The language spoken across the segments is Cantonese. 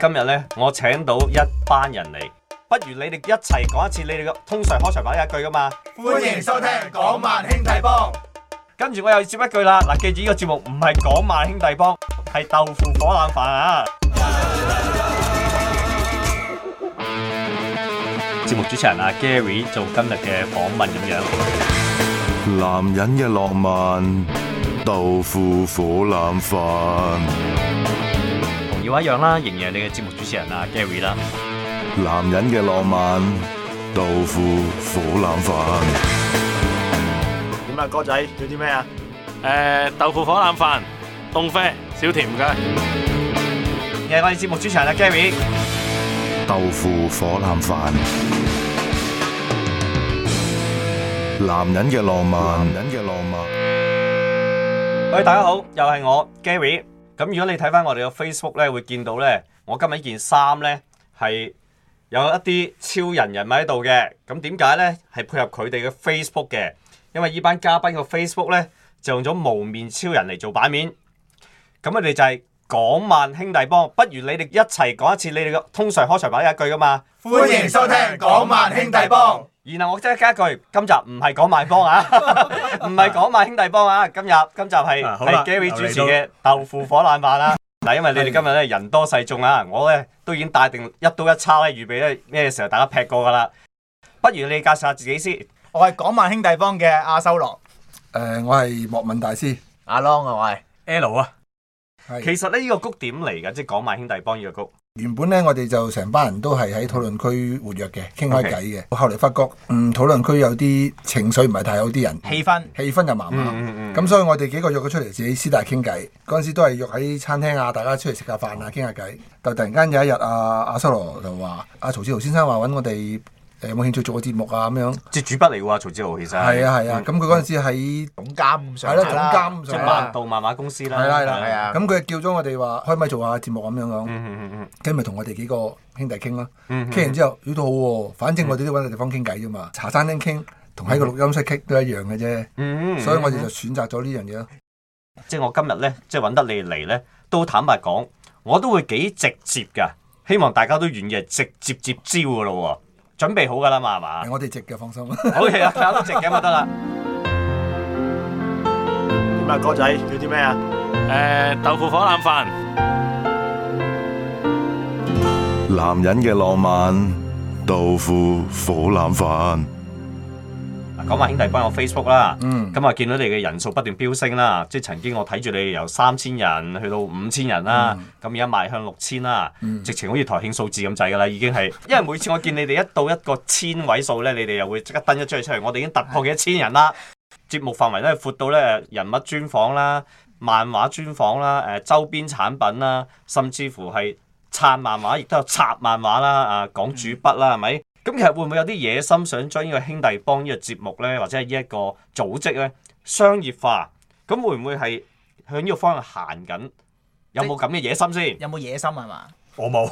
今日咧，我請到一班人嚟，不如你哋一齊講一次你哋通常開場白一句噶嘛？歡迎收聽《港漫兄弟幫》，跟住我又要接一句啦，嗱，記住呢個節目唔係《港漫兄弟幫》，係《豆腐火腩飯》啊！節目主持人阿 Gary 做今日嘅訪問咁樣，男人嘅浪漫，豆腐火腩飯。要一樣啦，仍然係你嘅節目主持人阿 Gary 啦。男人嘅浪漫，豆腐火腩飯。點啊，哥仔要啲咩啊？誒、呃，豆腐火腩飯，凍啡，少甜唔該。你係我嘅節目主持人阿 Gary。豆腐火腩飯，男人嘅浪漫，男人嘅浪漫。喂，大家好，又係我 Gary。咁如果你睇翻我哋嘅 Facebook 咧，會見到咧，我今日呢件衫咧係有一啲超人人物喺度嘅。咁點解咧？係配合佢哋嘅 Facebook 嘅，因為依班嘉賓嘅 Facebook 咧就用咗無面超人嚟做版面。咁我哋就係港漫兄弟幫，不如你哋一齊講一次你哋嘅通常開場白一句噶嘛？歡迎收聽港漫兄弟幫。然後我即刻加一句，今集唔係講萬幫啊，唔係講萬兄弟幫啊，今日今集係係 Gary 主持嘅豆腐火腩飯啦。嗱，因為你哋今日咧人多勢眾啊，我咧都已經帶定一刀一叉，預備咧咩時候大家劈過噶啦。不如你介紹下自己先。我係講萬兄弟幫嘅阿修羅。誒，我係莫文大師。阿 Long，我係 L 啊。係。其實咧，呢個谷點嚟噶？即係講萬兄弟幫呢個谷。原本呢，我哋就成班人都係喺討論區活躍嘅，傾開偈嘅。Okay. 後嚟發覺，嗯，討論區有啲情緒唔係太好，啲人氣氛氣氛又麻麻。咁、嗯嗯嗯、所以，我哋幾個約佢出嚟自己私底下傾偈。嗰陣時都係約喺餐廳啊，大家出嚟食下飯啊，傾下偈。但突然間有一日、啊，阿、啊、阿修羅就話，阿、啊、曹志豪先生話揾我哋。有冇興趣做個節目啊？咁樣即主筆嚟嘅，曹志豪其實係啊係啊。咁佢嗰陣時喺總監，係啦總監，即係萬道漫畫公司啦。係啦係啊。咁佢叫咗我哋話開咪做下節目咁樣講，咁咪同我哋幾個兄弟傾咯。傾完之後，呢套好，反正我哋都揾個地方傾偈啫嘛。茶餐廳傾同喺個錄音室傾都一樣嘅啫。所以，我哋就選擇咗呢樣嘢。即係我今日咧，即係揾得你嚟咧，都坦白講，我都會幾直接噶。希望大家都願意直接接招噶咯。準備好㗎啦嘛，係嘛？我哋直嘅，放心。好嘅，有得直嘅咪得啦。點啊， 哥仔要啲咩啊？誒，豆腐火腩飯。男人嘅浪漫，豆腐火腩飯。講埋兄弟幫我 Facebook 啦，咁啊、嗯、見到你嘅人數不斷飆升啦，嗯、即係曾經我睇住你由三千人去到五千人啦，咁而家邁向六千啦，嗯、直情好似台慶數字咁滯㗎啦，已經係。因為每次我見你哋一到一個千位數咧，你哋又會即刻登一張出嚟，我哋已經突破嘅一千人啦。嗯、節目範圍咧闊到咧人物專訪啦、漫畫專訪啦、誒、呃、周邊產品啦，甚至乎係撐漫畫亦都有插漫畫啦、啊講主筆啦，係咪？咁其實會唔會有啲野心想將呢個兄弟幫呢個節目咧，或者係呢一個組織咧商業化？咁會唔會係向呢個方向行緊？有冇咁嘅野心先？即有冇野心係嘛？我冇，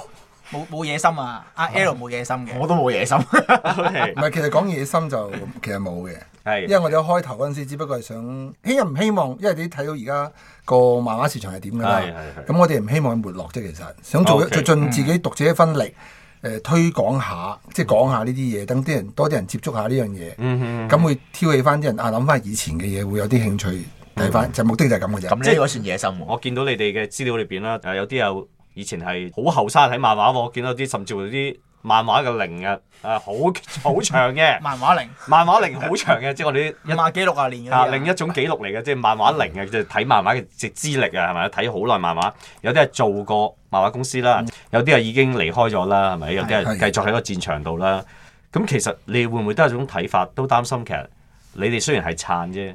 冇冇野心啊！阿 L 冇野心嘅，是我都冇野心。唔係 Okay.，其實講野心就其實冇嘅。係， 因為我哋開頭嗰陣時，只不過係想，希唔希望？因為你睇到而家個漫畫市場係點㗎嘛？咁我哋唔希望佢沒落啫。其實想做一盡自己讀者一分力。 誒、呃、推廣下，即係講下呢啲嘢，等啲人多啲人接觸下呢、嗯嗯、樣嘢，咁會挑起翻啲人啊，諗翻以前嘅嘢，會有啲興趣睇翻。就、嗯、目的就係咁嘅啫。咁呢個算野心喎。我見到你哋嘅資料裏邊啦，有啲有以前係好後生睇漫畫喎，我見到啲甚至乎啲漫畫嘅齡嘅，誒好好長嘅漫畫齡。漫畫齡好長嘅，即係我哋一百幾六十年啊年嘅。另一種記錄嚟嘅，即、就、係、是、漫畫齡嘅，就睇、是、漫畫嘅直資歷啊，係咪啊？睇好耐漫畫，有啲係做過、過。漫畫公司啦、嗯，有啲人已經離開咗啦，係咪？有啲人繼續喺個戰場度啦。咁的其實你會唔會都係一種睇法？都擔心其實你哋雖然係撐啫，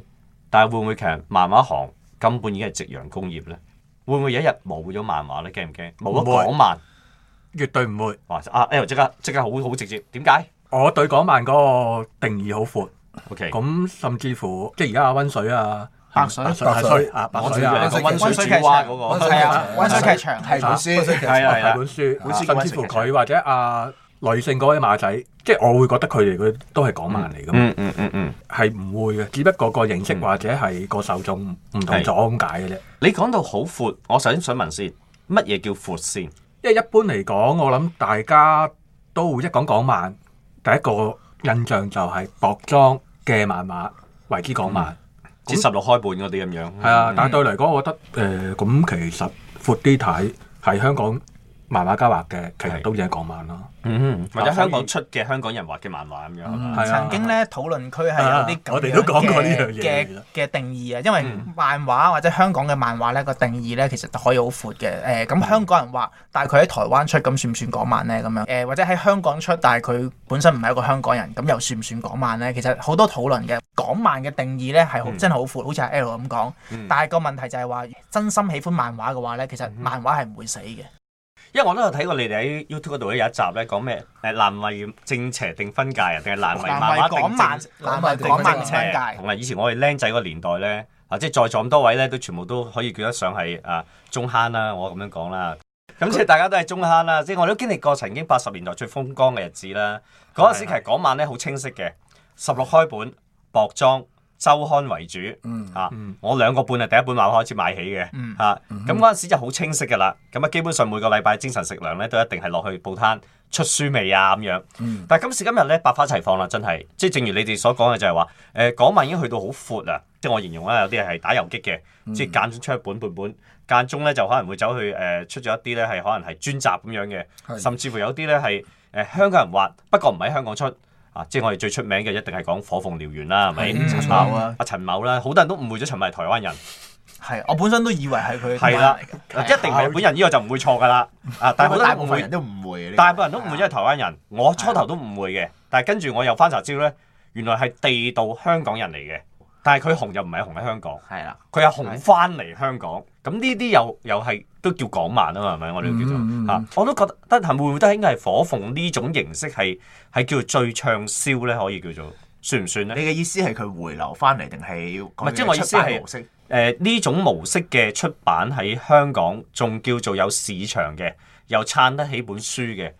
但係會唔會其實漫畫行根本已經係夕陽工業咧？會唔會有一日冇咗漫畫咧？驚唔驚？冇咗會港漫？絕對唔會。啊，L 即刻即刻好好直接。點解？我對港漫嗰個定義好闊。O K。咁甚至乎即係而家阿溫水啊。白水、白水、白水啊！溫水劇場嗰個係啊，溫水劇場係本書，係啊係本書，好似甚至乎佢或者啊女性嗰位馬仔，即係我會覺得佢哋佢都係港漫嚟噶。嗯嗯嗯嗯，係唔會嘅，只不過個形式或者係個受眾唔同咗咁解嘅啫。你講到好闊，我首先想問先，乜嘢叫闊先？因為一般嚟講，我諗大家都會一講港漫，第一個印象就係薄裝嘅漫畫為之港漫。只十六開半嗰啲咁樣，係啊，嗯、但對嚟講，我覺得誒，咁、呃、其實闊啲睇喺香港。漫畫家畫嘅其實都算港漫咯，嗯、哼或者香港出嘅香港人畫嘅漫畫咁、嗯、樣，嗯、曾經咧討論區係有啲，啊、的我哋都講過呢樣嘢嘅嘅定義啊，因為漫畫或者香港嘅漫畫咧個定義咧其實可以好闊嘅，誒、呃、咁香港人畫，但係佢喺台灣出咁算唔算港漫咧？咁樣誒或者喺香港出，但係佢本身唔係一個香港人，咁又算唔算港漫咧？其實好多討論嘅港漫嘅定義咧係、嗯、真係好闊，好似阿 L 咁講，嗯、但係個問題就係話真心喜歡漫畫嘅話咧，其實漫畫係唔會死嘅。因為我都有睇過你哋喺 YouTube 嗰度咧有一集咧講咩誒難為正邪定分界啊，定係難為漫畫定正？難為講漫畫，難為講漫畫正邪。同埋以，以前我哋僆仔個年代咧，嗯、啊即係在座咁多位咧，都全部都可以叫得上係啊中坑啦，我咁樣講啦。咁、嗯、它即係大家都係中坑啦，即係我都經歷過曾經八十年代最風光嘅日子啦。嗰、那、陣、個、時其實嗰晚咧好清晰嘅，十六開本薄裝。周刊為主，嚇、嗯，嗯、我兩個半係，第一本漫開始買起嘅，嚇、嗯，咁嗰陣時就好清晰嘅啦。咁啊，基本上每個禮拜精神食糧咧都一定係落去報攤出書未啊咁樣。但係今時今日咧百花齊放啦，真係，即係正如你哋所講嘅就係話，誒講話已經去到好闊啊，即係我形容啦，有啲係打游擊嘅，嗯、即係間中出一本半本，本，間中咧就可能會走去誒、呃、出咗一啲咧係可能係專集咁樣嘅，甚至乎有啲咧係誒香港人畫，不過唔喺香港出。啊！即係我哋最出名嘅，一定係講《火鳳燎原》啦，係咪？嗯？陳某啊，嗯、陳某啦，好多人都誤會咗陳某係台灣人，係我本身都以為係佢，係啦的， 一定係本人，呢、呢個就唔會錯噶啦。啊，但係好多部分人都誤會，誤會大部分人都誤以的為台灣人，我初頭都誤會嘅，但係跟住我又翻查資料咧，原來係地道香港人嚟嘅，但係佢紅就唔係紅喺香港，係啦的，佢係紅翻嚟香港。咁呢啲又又係都叫港漫啊嘛，係咪？我哋叫做嚇，我都覺得，但係會唔會都應該係火鳳呢種形式係係叫做最暢銷咧？可以叫做算唔算咧？你嘅意思係佢回流翻嚟定係要？唔係，即係我意思係模式誒呢種模式嘅出版喺香港仲叫做有市場嘅，又撐得起本書嘅。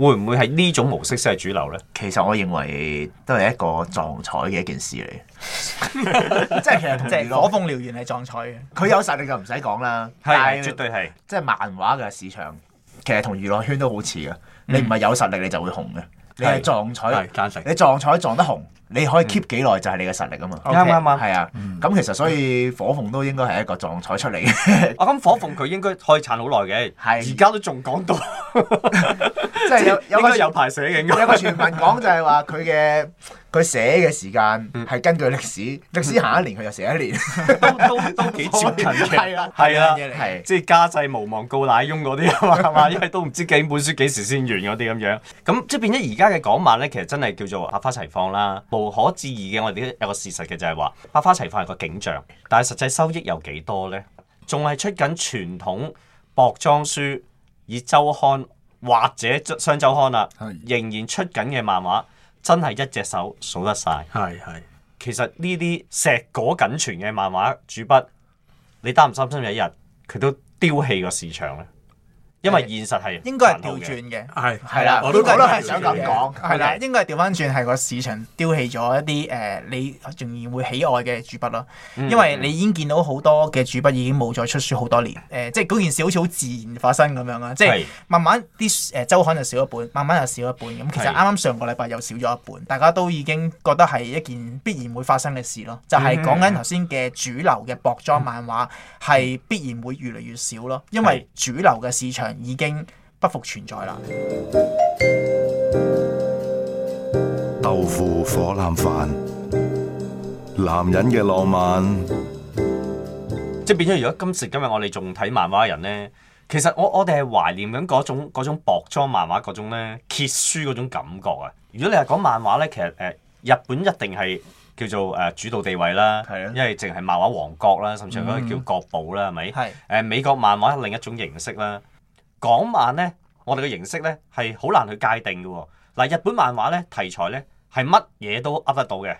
會唔會係呢種模式先係主流咧？其實我認為都係一個撞彩嘅一件事嚟，即係其實即係火鳳燎原係撞彩嘅。佢 有實力就唔使講啦，係 但絕對係。即係漫畫嘅市場，其實同娛樂圈都好似嘅。 你唔係有實力，你就會紅嘅。.你係撞彩，是你撞彩撞得紅，嗯、你可以 keep 幾耐就係你嘅實力啊嘛，啱唔啱啊？係啊、嗯，咁其實所以火鳳都應該係一個撞彩出嚟、嗯。我諗 火鳳佢應該可以撐好耐嘅，而家是都仲講到， 即係有有，寫有個有排寫嘅，有個傳聞講就係話佢嘅。佢寫嘅時間係根據歷史，嗯、歷史下一年佢就寫一年，都都 都幾接近嘅，啦、 啊，係啦，係，即係家祭無望告乃翁嗰啲啊嘛，係嘛，因為都唔知幾本書幾時先完嗰啲咁樣，咁即係變咗而家嘅港漫咧，其實真係叫做百花齊放啦。無可置疑嘅，我哋有個事實嘅就係話，百花齊放係個景象，但係實際收益有幾多咧？仲係出緊傳統薄裝書，以週刊或者雙週刊啦，仍然出緊嘅漫畫。真係一隻手數得晒。係係 其實呢啲石果僅存嘅漫畫主筆，你擔心唔擔心有一日佢都丟棄個市場咧？因為現實係應該係調轉嘅，係係啦，的我都我都係想咁講，係啦的，Okay. 應該係調返轉，係個市場丟棄咗一啲誒、呃，你仍然會喜愛嘅主筆咯，因為你已經見到好多嘅主筆已經冇再出書好多年，誒、呃，即係嗰件事好似好自然發生咁樣啊，即係慢慢啲誒週刊就少一半，慢慢又少一半咁，其實啱啱上個禮拜又少咗一半，大家都已經覺得係一件必然會發生嘅事咯，嗯、哼就係講緊頭先嘅主流嘅薄裝漫畫係、嗯、哼必然會越嚟越少咯，因為主流嘅市場。已經不復存在啦！豆腐火腩飯，男人嘅浪漫，即係變咗。如果今時今日我哋仲睇漫畫人咧，其實我我哋係懷念緊嗰種嗰種薄裝漫畫嗰種咧揭書嗰種感覺啊！如果你係講漫畫咧，其實誒日本一定係叫做誒主導地位啦，係啊，因為淨係漫畫王國啦，甚至乎嗰啲叫國寶啦，係咪？係誒美國漫畫係另一種形式啦。港漫咧，我哋嘅形式咧係好難去界定嘅。嗱，日本漫畫咧題材咧係乜嘢都噏得到嘅。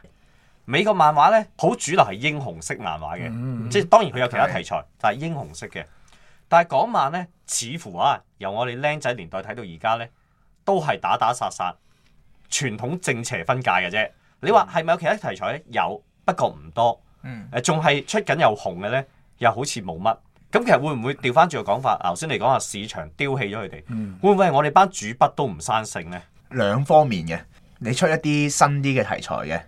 美國漫畫咧好主流係英雄式漫畫嘅，嗯、即係當然佢有其他題材，對但係英雄式嘅。但係港漫咧，似乎啊由我哋僆仔年代睇到而家咧，都係打打殺殺，傳統正邪分界嘅啫。你話係咪有其他題材咧？有，不過唔多。誒、嗯，仲係出緊又紅嘅咧，又好似冇乜。咁其實會唔會調翻轉個講法？頭先你講話市場丟棄咗佢哋，會唔會係我哋班主筆都唔生性咧？兩方面嘅，你出一啲新啲嘅題材嘅，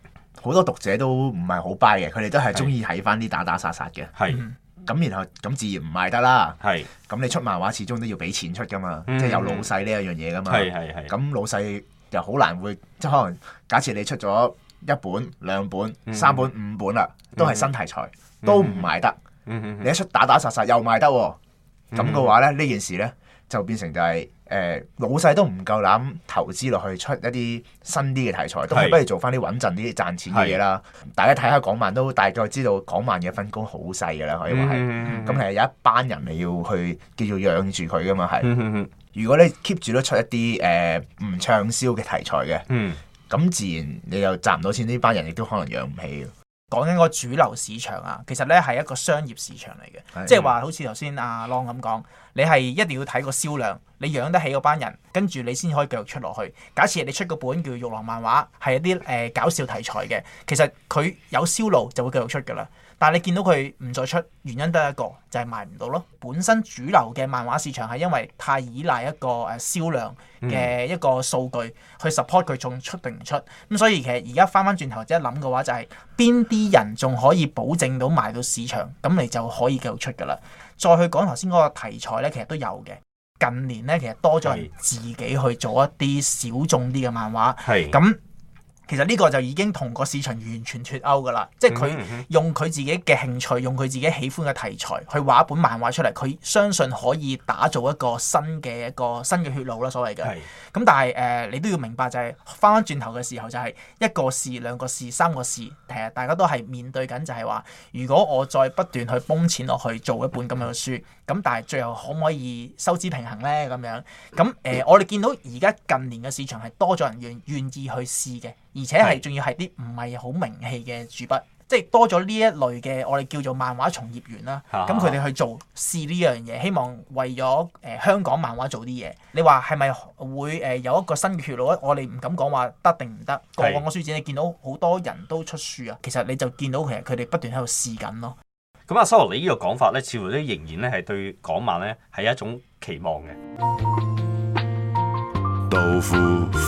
好多讀者都唔係好 buy 嘅，佢哋都係中意睇翻啲打打殺殺嘅。係咁，然後咁自然唔賣得啦。係咁，你出漫畫始終都要俾錢出噶嘛，即係有老細呢一樣嘢噶嘛。係係係。咁老細又好難會，即係可能假設你出咗一本、兩本、三本、五本啦，都係新題材，都唔賣得。你一出打打殺殺又賣得，哦，咁嘅話咧呢、嗯、件事咧就變成就係、是、誒、呃、老細都唔夠膽投資落去出一啲新啲嘅題材，都不如做翻啲穩陣啲賺錢嘅嘢啦。是是，大家睇下港漫都大概知道港漫嘅分工好細噶啦，可以話係，咁其實、嗯嗯、有一班人係要去叫做養住佢噶嘛係。嗯、如果你 keep 住得出一啲誒唔暢銷嘅題材嘅，咁、嗯、自然你又賺唔到錢，呢班人亦都可能養唔起。講緊個主流市場啊，其實咧係一個商業市場嚟嘅，的即係話好似頭先阿 Long 咁講，你係一定要睇個銷量，你養得起嗰班人，跟住你先可以繼續出落去。假設你出個本叫《玉郎漫畫》呃，係一啲誒搞笑題材嘅，其實佢有銷路就會繼續出㗎啦。但係你見到佢唔再出，原因得一個就係、是、賣唔到咯。本身主流嘅漫畫市場係因為太依賴一個誒銷量嘅一個數據、嗯、去 support 佢仲出定唔出。咁所以其實而家翻翻轉頭即係諗嘅話、就是，就係邊啲人仲可以保證到賣到市場，咁你就可以繼續出㗎啦。再去講頭先嗰個題材呢，其實都有嘅。近年呢，其實多咗人自己去做一啲小眾啲嘅漫畫，咁是。其實呢個就已經同個市場完全脫鈎噶啦，即係佢用佢自己嘅興趣，用佢自己喜歡嘅題材去畫一本漫畫出嚟，佢相信可以打造一個新嘅一個新嘅血路啦，所謂嘅。咁是但係誒、呃，你都要明白就係翻翻轉頭嘅時候，就係一個事、兩個事、三個事，其實大家都係面對緊，就係話如果我再不斷去崩錢落去做一本咁樣嘅書。咁但係最後可唔可以收支平衡咧？咁樣咁誒、嗯嗯呃，我哋見到而家近年嘅市場係多咗人願願意去試嘅，而且係仲是要係啲唔係好名氣嘅主筆，即係多咗呢一類嘅我哋叫做漫畫從業員啦。咁佢哋去做試呢樣嘢，希望為咗誒、呃、香港漫畫做啲嘢。你話係咪會誒有一個新嘅血路？我哋唔敢講話得定唔得。行行個個嘅書展你見到好多人都出書啊，其實你就見到其實佢哋不斷喺度試緊咯。咁，阿修羅，你呢個講法咧，似乎都仍然咧係對港漫咧係一種期望嘅。豆腐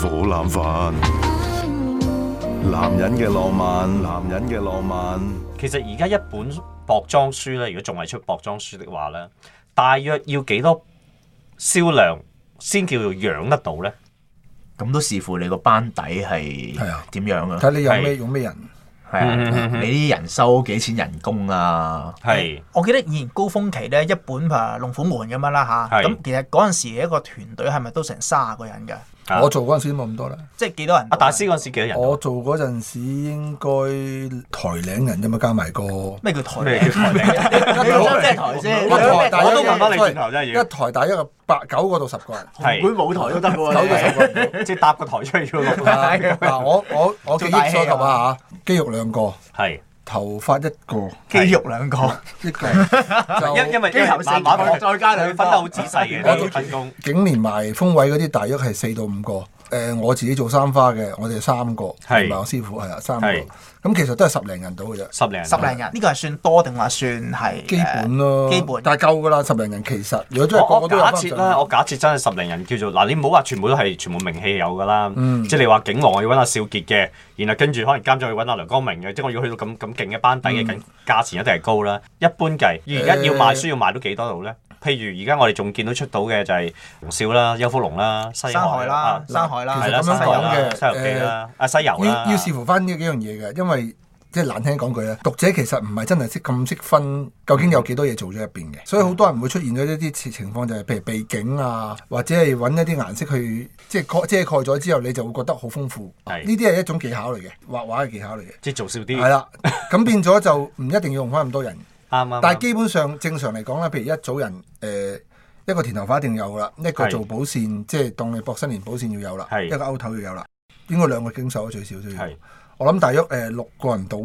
火腩飯，男人嘅浪漫，男人嘅浪漫。其實而家一本薄裝書咧，如果仲係出薄裝書的話咧，大約要幾多銷量先叫做養得到咧？咁都視乎你個班底係點樣啊？睇你有咩是用咩用咩人。係 啊，你啲人收幾錢人工啊？係是， 我記得以前高峰期咧，一本拍《龍虎門》咁樣啦吓。咁是其實嗰陣時一個團隊係咪都成卅個人噶？我做嗰陣時冇咁多啦，即係幾多人？阿大師嗰陣時幾多人？我做嗰陣時應該台嶺人啫嘛，加埋個咩叫台嶺？咩叫台嶺？即係台先，我都問翻你先頭，一台大一個八九個到十個人，會舞台都得九噶喎，即係搭個台吹咗落啦。嗱，我我我記憶所及啊吓，肌肉兩個係。頭髮一個，肌肉兩個， 一個 就肌肉先，因為，因為再加你分得好仔細嘅分工，頸連埋風位嗰啲大約係四到五個。誒、呃，我自己做三花嘅，我哋三個，同埋是我師傅係啊，三個。咁其實都係十零人到嘅啫，十零人，十零人呢個係算多定話算係基本咯、啊。基本，但係夠噶啦，十零人其實如果真係我我假設啦，我假設，我假設真係十零人叫做嗱，你唔好話全部都係全部名氣有噶啦，即係你話景王我要揾阿少傑嘅，然後跟住可能監製要揾阿梁光明嘅，即、就、係、是、我要去到咁咁勁嘅班底嘅、嗯、價錢一定係高啦。一般計而家要賣需要賣到幾多度咧？欸欸譬如而家我哋仲見到出到嘅就係龍少啦、邱福龍啦、西海啦、山海啦，啊、其實咁樣講嘅《西遊記》啦、啊《西遊》要要視乎翻呢幾樣嘢嘅，因為即係、就是、難聽講句咧，讀者其實唔係真係識咁識分究竟有幾多嘢做咗入邊嘅，所以好多人會出現咗呢啲情情況，就係譬如背景啊，或者係揾一啲顏色去即係蓋即係蓋咗之後，你就會覺得好豐富。呢啲係一種技巧嚟嘅，畫畫嘅技巧嚟嘅，即係做少啲。係啦，咁變咗就唔一定要用翻咁多人。但係基本上正常嚟講咧，譬如一組人，誒、呃、一個田頭髮一定有啦，一個做保線，是即係當你博新年保線要有啦，是一個勾頭要有啦，應該兩個經手最少都要。我諗大約誒六個人到，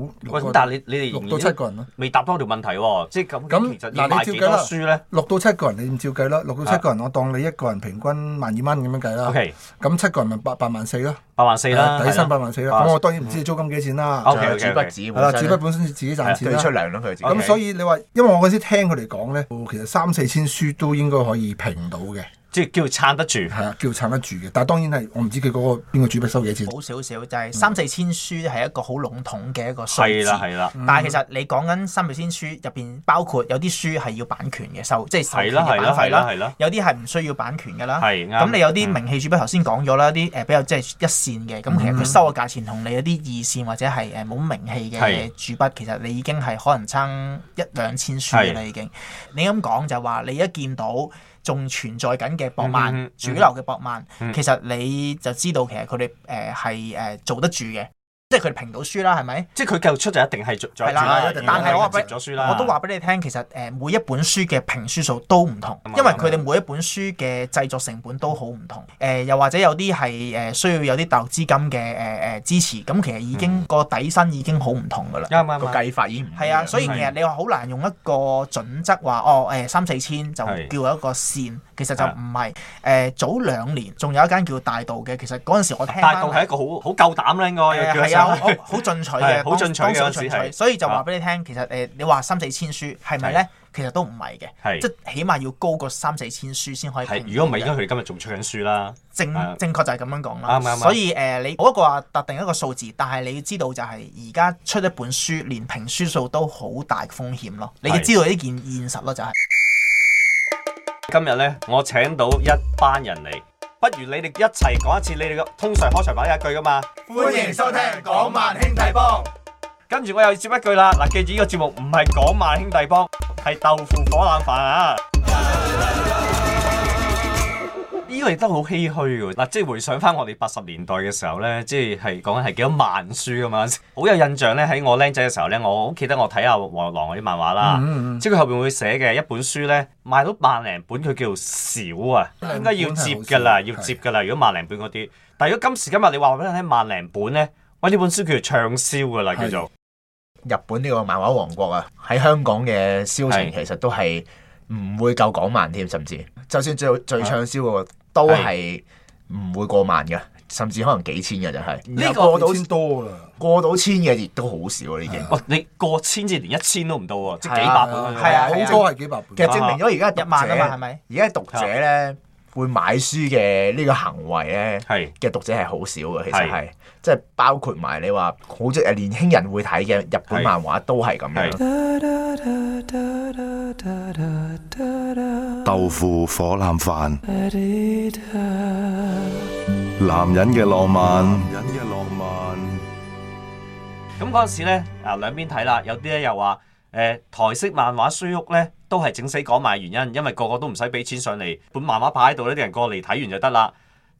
但你你哋、啊、六到七個人咯，未答多條問題喎，即係咁。咁，嗱你照計啦，六到七個人，你照計啦，六到七個人，我當你一個人平均萬二蚊咁樣計啦。OK，咁的七個人咪八八萬四咯，八萬四啦，底薪八萬四啦。咁我當然唔知你租金幾錢啦，就主筆係啦，主筆本身自己賺錢，你出糧咯佢。咁所以你話，因為我嗰時聽佢哋講咧，其實三四千書都應該可以平到嘅。即係叫撐得住，係啊，叫撐得住嘅。但係當然係，我唔知佢嗰個邊個主筆收幾錢。好少少就係三四千書係一個好籠統嘅一個數字。係啦係啦。但係其實你講緊三四千書入邊，包括有啲書係要版權嘅收，即係收版費啦。有啲係唔需要版權㗎啦。咁你有啲名氣主筆頭先講咗啦，啲誒比較即係一線嘅。咁其實佢收嘅價錢同你有啲二線或者係誒冇名氣嘅主筆，其實你已經係可能撐一兩千書㗎啦。已經。你咁講就係話你一見到。仲存在緊嘅博漫，主流嘅博漫，其實你就知道，其實佢哋誒係誒做得住嘅。即係佢哋評到書啦，係咪？即係佢繼續出就一定係做咗，但係我接咗書啦。我都話俾你聽，其實誒，每一本書嘅評書數都唔同，因為佢哋每一本書嘅製作成本都好唔同。誒，又或者有啲係誒，需要有啲大陸資金嘅誒誒支持，咁其實已經個底薪已經好唔同噶啦。啱啱個計法已經唔係啊，所以其實你話好難用一個準則話哦，誒，三四千就叫一個線，其實就唔係誒早兩年仲有一間叫大道嘅，其實嗰陣時我聽大道係一個好好夠膽啦，應該好好、 哦、進取嘅，好進取嘅， 所以就話俾你聽，啊、其實誒、呃，你話三四千書係咪咧？是是呢是其實都唔係嘅，即係是起碼要高過三四千書先可以。係，如果唔係，而家佢哋今日仲出緊書啦。正、啊、正確就係咁樣講啦。啱啱、啊、所以誒、呃，你冇一個話特定一個數字，但係你要知道就係而家出一本書，連評書數都好大風險咯。你要知道呢件現實咯、就是，就係是 今日咧，我請到一班人嚟。不如你哋一齊講一次你哋個通常開場白一句噶嘛？歡迎收聽《港漫兄弟幫》，跟住我又要接一句啦。嗱，記住呢個節目唔係港漫兄弟幫，係豆腐火腩飯啊！啊啊啊啊啊啊啊呢個亦都好唏噓嘅嗱、啊，即係回想翻我哋八十年代嘅時候咧，即係係講緊係幾多萬書咁樣，好有印象咧。喺我僆仔嘅時候咧，我好記得我睇下黃狼嗰啲漫畫啦。嗯嗯、即係佢後邊會寫嘅一本書咧，賣到萬零本，佢叫做少啊，應該要接嘅啦，要接嘅啦。是如果萬零本嗰啲，但係如果今時今日你話俾我聽萬零本咧，哇！呢本書叫做暢銷嘅啦，是叫做日本呢個漫畫王國啊。喺香港嘅銷情其實都係唔會夠港漫添，甚至就算最最暢銷嘅。都係唔會過萬嘅，甚至可能幾千嘅，就係呢個過到千多啦，過到千嘅亦都好少啦已經。啊、哇，你過千至連一千都唔到喎，啊，啊、即係幾百倍，係啊，啊啊好多係幾百倍。其實證明咗而家係一萬啊嘛，係咪？而家係讀者咧。會買書嘅呢個行為咧，係嘅是讀者係好少嘅，其實係，是即係包括埋你話好即係年輕人會睇嘅日本漫畫都係咁樣。豆腐火腩飯，男人嘅浪漫。男人嘅浪漫。咁嗰陣時咧，啊兩邊睇啦，有啲咧又話，誒、呃、台式漫畫書屋咧。都係整死港漫嘅原因，因為個個都唔使俾錢上嚟，本漫畫擺喺度，呢啲人過嚟睇完就得啦。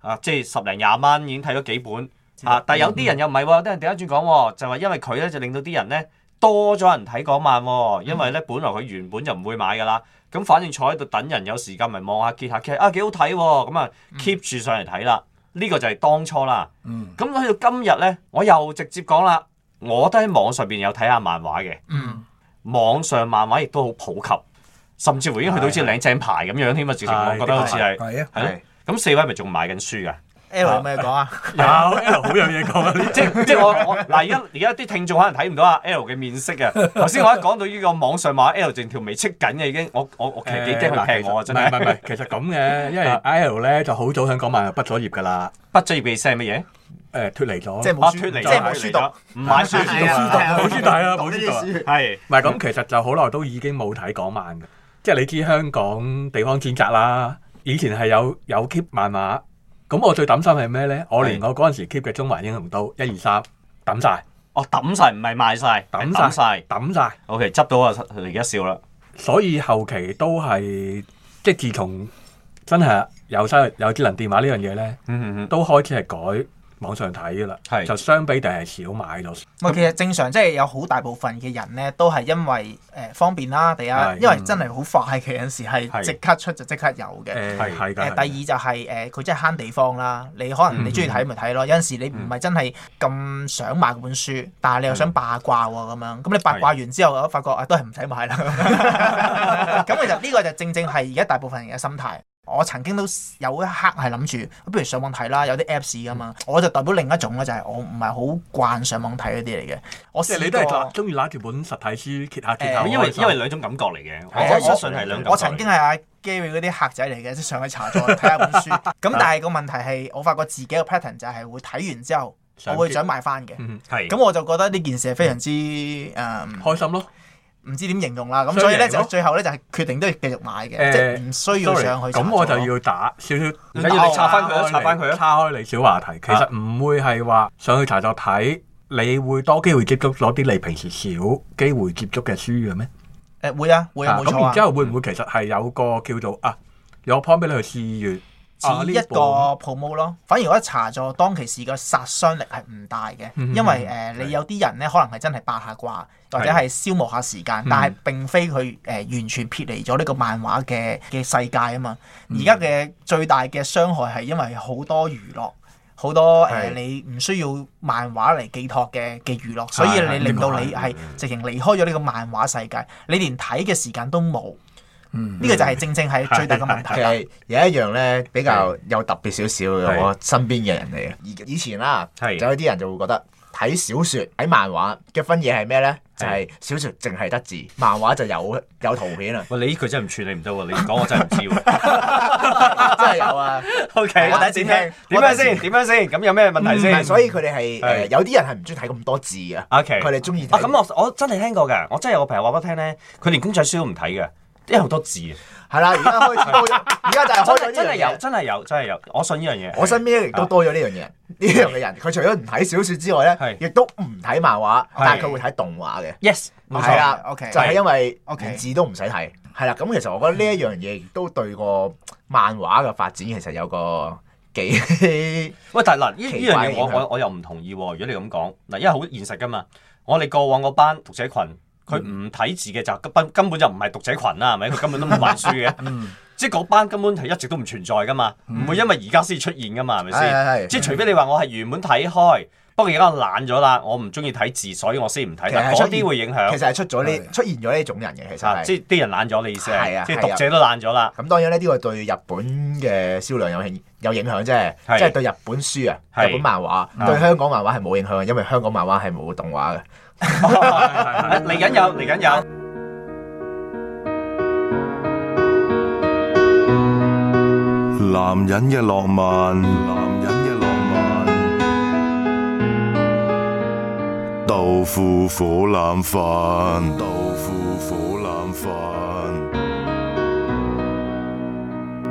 啊，即係十零廿蚊已經睇咗幾本啊！但係有啲人又唔係，啲人掉翻轉講，就話因為佢咧就令到啲人咧多咗人睇港漫，因為咧、嗯、本來佢原本就唔會買噶啦，咁反正坐喺度等人有時間咪望下揭下劇啊，幾好睇咁啊，keep 住上嚟睇啦。呢、嗯、個就係當初啦。嗯，咁去到今日咧，我又直接講啦，我都喺網上邊有睇下漫畫嘅。嗯，網上漫畫亦都好普及。甚至乎已經去到好似領正牌咁樣添啊！直情我覺得好似係係啊，咁四位咪仲買緊書噶？L 有咩講啊？有 L 好有嘢講，即即我我嗱而家而家啲聽眾可能睇唔到阿 L 嘅面色啊！頭先我一講到呢個網上話，L 正條眉戚緊嘅已經，我我我其實幾驚佢劈我真係。唔係唔係，其實咁嘅，因為 L 咧就好早喺港漫入畢咗業噶啦。畢咗業嘅意思係乜嘢？誒脱離咗，即係冇書讀，唔買書讀書讀，冇書睇啦，冇書睇。係唔係咁？其實就好耐都已經冇睇港漫噶。即係你知香港地方淺窄啦，以前係有有 keep 漫畫，咁我最擔心係咩咧？嗯、我連我嗰陣時 keep 嘅中華英雄都一二三抌晒，1, 2, 3，哦抌晒唔係賣晒，抌晒抌晒，OK 執到啊，而家笑啦。所以後期都係即係自從真係有新有智能電話呢樣嘢咧，嗯嗯嗯都開始係改。網上睇嘅啦，就相比定係少買咗。唔係，其實正常即係有好大部分嘅人咧，都係因為誒方便啦，第一，因為真係好快嘅有陣時係即刻出就即刻有嘅。係第二就係誒佢真係慳地方啦。你可能你中意睇咪睇咯。有陣時你唔係真係咁想買本書，但係你又想八卦咁樣。咁你八卦完之後，我發覺啊，都係唔使買啦。咁其實呢個就正正係而家大部分人嘅心態。我曾經都有一刻係諗住，不如上網睇啦，有啲 Apps 㗎嘛。我就代表另一種啦，就係、是、我唔係好慣上網睇嗰啲嚟嘅。我我即係你都中意拿住本實體書揭下揭下，欸、因為因為兩種感覺嚟嘅。我相信係兩種感覺。我曾經係阿 Gary 嗰啲客仔嚟嘅，即、就是、上去茶座睇下本書。咁 但係個問題係，我發覺自己個 pattern 就係會睇完之後， 我會想買翻嘅。咁、嗯、我就覺得呢件事係非常之誒、嗯、開心咯。唔知點形容啦，咁所以咧就最後咧就係決定都係繼續買嘅，即係唔需要上去查。咁我就要打少少。我啊、要你要查翻佢，拆翻佢咯。岔開，你開你小話題，其實唔會係話上去查就睇，你會多機會接觸攞啲你平時少機會接觸嘅書嘅咩？誒會啊會啊。咁、啊啊、然之後會唔會其實係有個叫做啊有 point 俾你去試完？似一個 promo 咯，反而我一查咗當其時嘅殺傷力係唔大嘅，嗯、哼因為誒、呃、你有啲人咧可能係真係八下卦，或者係消磨下時間，嗯、但係並非佢誒、呃、完全撇離咗呢個漫畫嘅嘅世界啊嘛。而家嘅最大嘅傷害係因為好多娛樂，好多誒、嗯哼呃、你唔需要漫畫嚟寄託嘅嘅娛樂，的所以你的令到你係的直情離開咗呢個漫畫世界，你連睇嘅時間都冇。呢個就係正正係最大嘅問題，係有一樣咧比較有特別少少嘅我身邊嘅人嚟嘅。以前啦，就有啲人就會覺得睇小說睇漫畫嘅分野係咩咧？就係小說淨係得字，漫畫就有有圖片啊。喂，你呢句真係唔處理唔到，你講我真係唔知。真係有啊。O K，我第一次聽，點樣先？點樣先？咁有咩問題先？所以佢哋係誒有啲人係唔中意睇咁多字啊。O K，佢哋中意啊。咁我我真係聽過嘅，我真係有個朋友話俾我聽咧，佢連公仔書都唔睇嘅。因為好多字啊，係啦，而家開始，而家就係開始。真係有，真係有，真係有。我信呢樣嘢。我身邊亦都多咗呢樣嘢，呢樣嘅人。佢除咗唔睇小説之外咧，亦都唔睇漫畫，但係佢會睇動畫嘅。Yes，冇錯。OK，就係因為連字都唔使睇。係啦，咁其實我覺得呢一樣嘢亦都對個漫畫嘅發展其實有個幾。喂，但係嗱，呢呢樣嘢我我我又唔同意。如果你咁講嗱，因為好現實㗎嘛，我哋過往嗰班讀者群，佢唔睇字嘅就根根本就唔係讀者群啦，係咪？佢根本都冇買書嘅，即係嗰班根本係一直都唔存在噶嘛，唔會因為而家先出現噶嘛，係咪先？即係除非你話我係原本睇開，不過而家懶咗啦，我唔中意睇字，所以我先唔睇。但嗰啲會影響。其實係出咗呢，出現咗呢種人嘅，其實係即係啲人懶咗，你意思係？即係讀者都懶咗啦。咁當然呢呢個對日本嘅銷量有影有影響，即係即係對日本書啊，日本漫畫對香港漫畫係冇影響，因為香港漫畫係冇動畫嘅。嚟緊 有，嚟緊有男。男人嘅浪漫，男人嘅浪漫。豆腐火腩飯，豆腐火腩飯。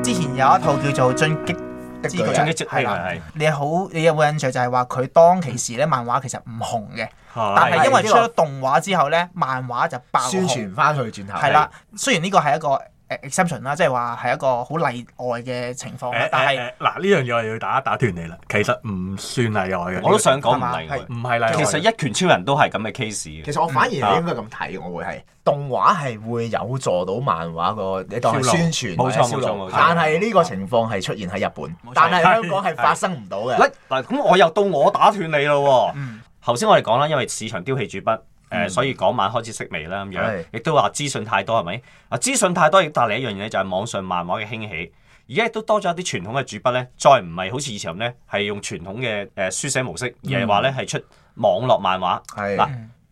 之前有一套叫做《進擊》。知佢，係啦，你好，你有冇印象就係話，佢當其時咧漫畫其實唔紅嘅，的但係因為出咗動畫之後咧漫畫就爆紅，宣傳翻去轉頭。係啦。雖然呢個係一個。誒 exception 啦，即係話係一個好例外嘅情況，但係嗱呢樣嘢我要打打斷你啦，其實唔算例外嘅。我都想講例外，唔係例外。其實一拳超人都係咁嘅 case。其實我反而應該咁睇，我會係動畫係會有助到漫畫個你當宣傳，冇錯冇錯。但係呢個情況係出現喺日本，但係香港係發生唔到嘅。嗱，咁我又到我打斷你咯喎。頭先我哋講啦，因為市場丟棄主筆。誒，嗯、所以嗰晚開始式微啦咁樣，是亦都話資訊太多係咪？啊，資訊太多，亦帶嚟一樣嘢就係網上漫畫嘅興起。而家亦都多咗一啲傳統嘅主筆咧，再唔係好似以前咁咧，係用傳統嘅誒書寫模式，而係話咧係出網絡漫畫。嗱是、啊，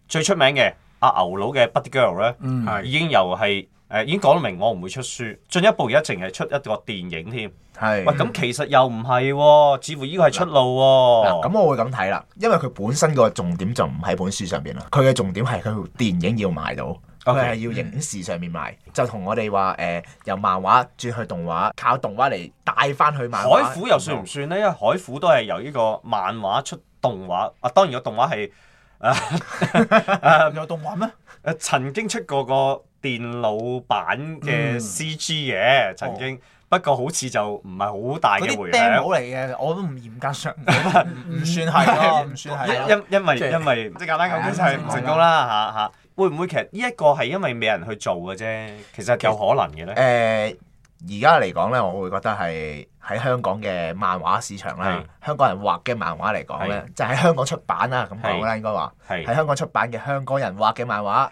最出名嘅阿、啊、牛佬嘅《Buddy Girl》咧、啊，已經由係。誒，已經講得明，我唔會出書，進一步而家淨係出一個電影添。係是，喂，咁其實又唔係、哦，似乎依個係出路、哦。嗱、嗯、咁、嗯嗯、我會咁睇啦，因為佢本身個重點就唔喺本書上邊啦，佢嘅重點係佢電影要賣到，佢係 Okay, 要影視上面賣，嗯、就同我哋話誒由漫畫轉去動畫，靠動畫嚟帶翻去漫畫。海虎又算唔算咧？嗯、因為海虎都係由呢個漫畫出動畫，啊，當然個動畫係誒有動畫咩？誒，曾經出過，過個。電腦版嘅 CG 嘅曾經，哦、不過好似就唔係好大嘅回響。電嚟嘅，我都唔嚴格上，唔 算係唔算係。 因為 因為因為 即係簡單講，即係唔成功啦嚇嚇。會唔會其實呢一個係因為未人去做嘅啫？ 其實有可能嘅咧。誒、呃，而家嚟講咧，我會覺得係。喺香港嘅漫畫市場咧，香港人畫嘅漫畫嚟講咧，就喺香港出版啦，咁講啦，應該話喺香港出版嘅香港人畫嘅漫畫，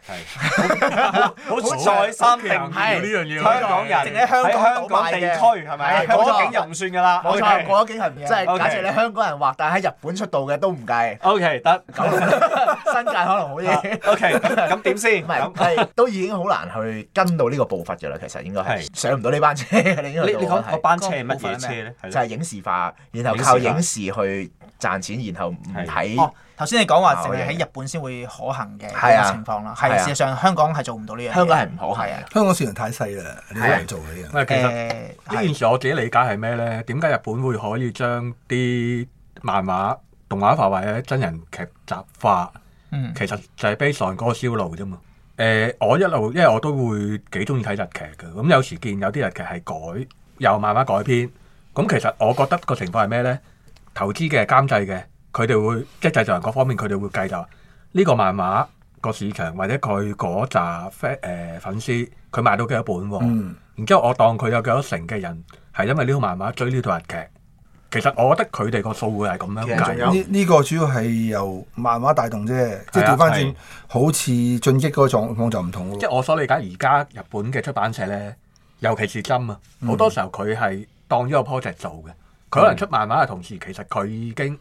好再三定呢樣嘢。香港人喺香港地區係咪？香港境又唔算噶啦，冇錯，過咗境係唔，即係假設你香港人畫但係喺日本出道嘅都唔計。O K，得新界可能好啲。O K，咁點先？唔係，都已經好難去跟到呢個步伐噶啦，其實應該係上唔到呢班車。你你講個班車乜嘢？就係影視化，然後靠影視去賺錢，然後唔睇。頭先你講話淨係喺日本先會可行嘅情況啦，係事實上香港係做唔到呢樣，香港係唔好，係啊，香港市場太細啦，好人做嗰啲。誒，呢件事我自己理解係咩咧？點解日本會可以將啲漫畫動畫化或者真人劇集化？其實就係 based on 個銷路啫嘛。誒，我一路因為我都會幾中意睇日劇嘅，咁有時見有啲日劇係改，又漫畫改編。咁其實我覺得個情況係咩咧？投資嘅、監製嘅，佢哋會即係製作人各方面，佢哋會計就話呢個漫畫個市場，或者佢嗰扎誒粉絲，佢賣到幾多本喎？嗯。然之後我當佢有幾多成嘅人係因為呢套漫畫追呢套日劇，其實我覺得佢哋個數會係咁樣解。呢呢嗎個主要係由漫畫帶動啫，即係調翻轉，的好似進擊嗰個狀況就唔同。即係、就是、我所理解，而家日本嘅出版社咧，尤其是針啊，好多時候佢係。當咗個 project 做嘅，佢可能出漫畫嘅同時，其實佢已經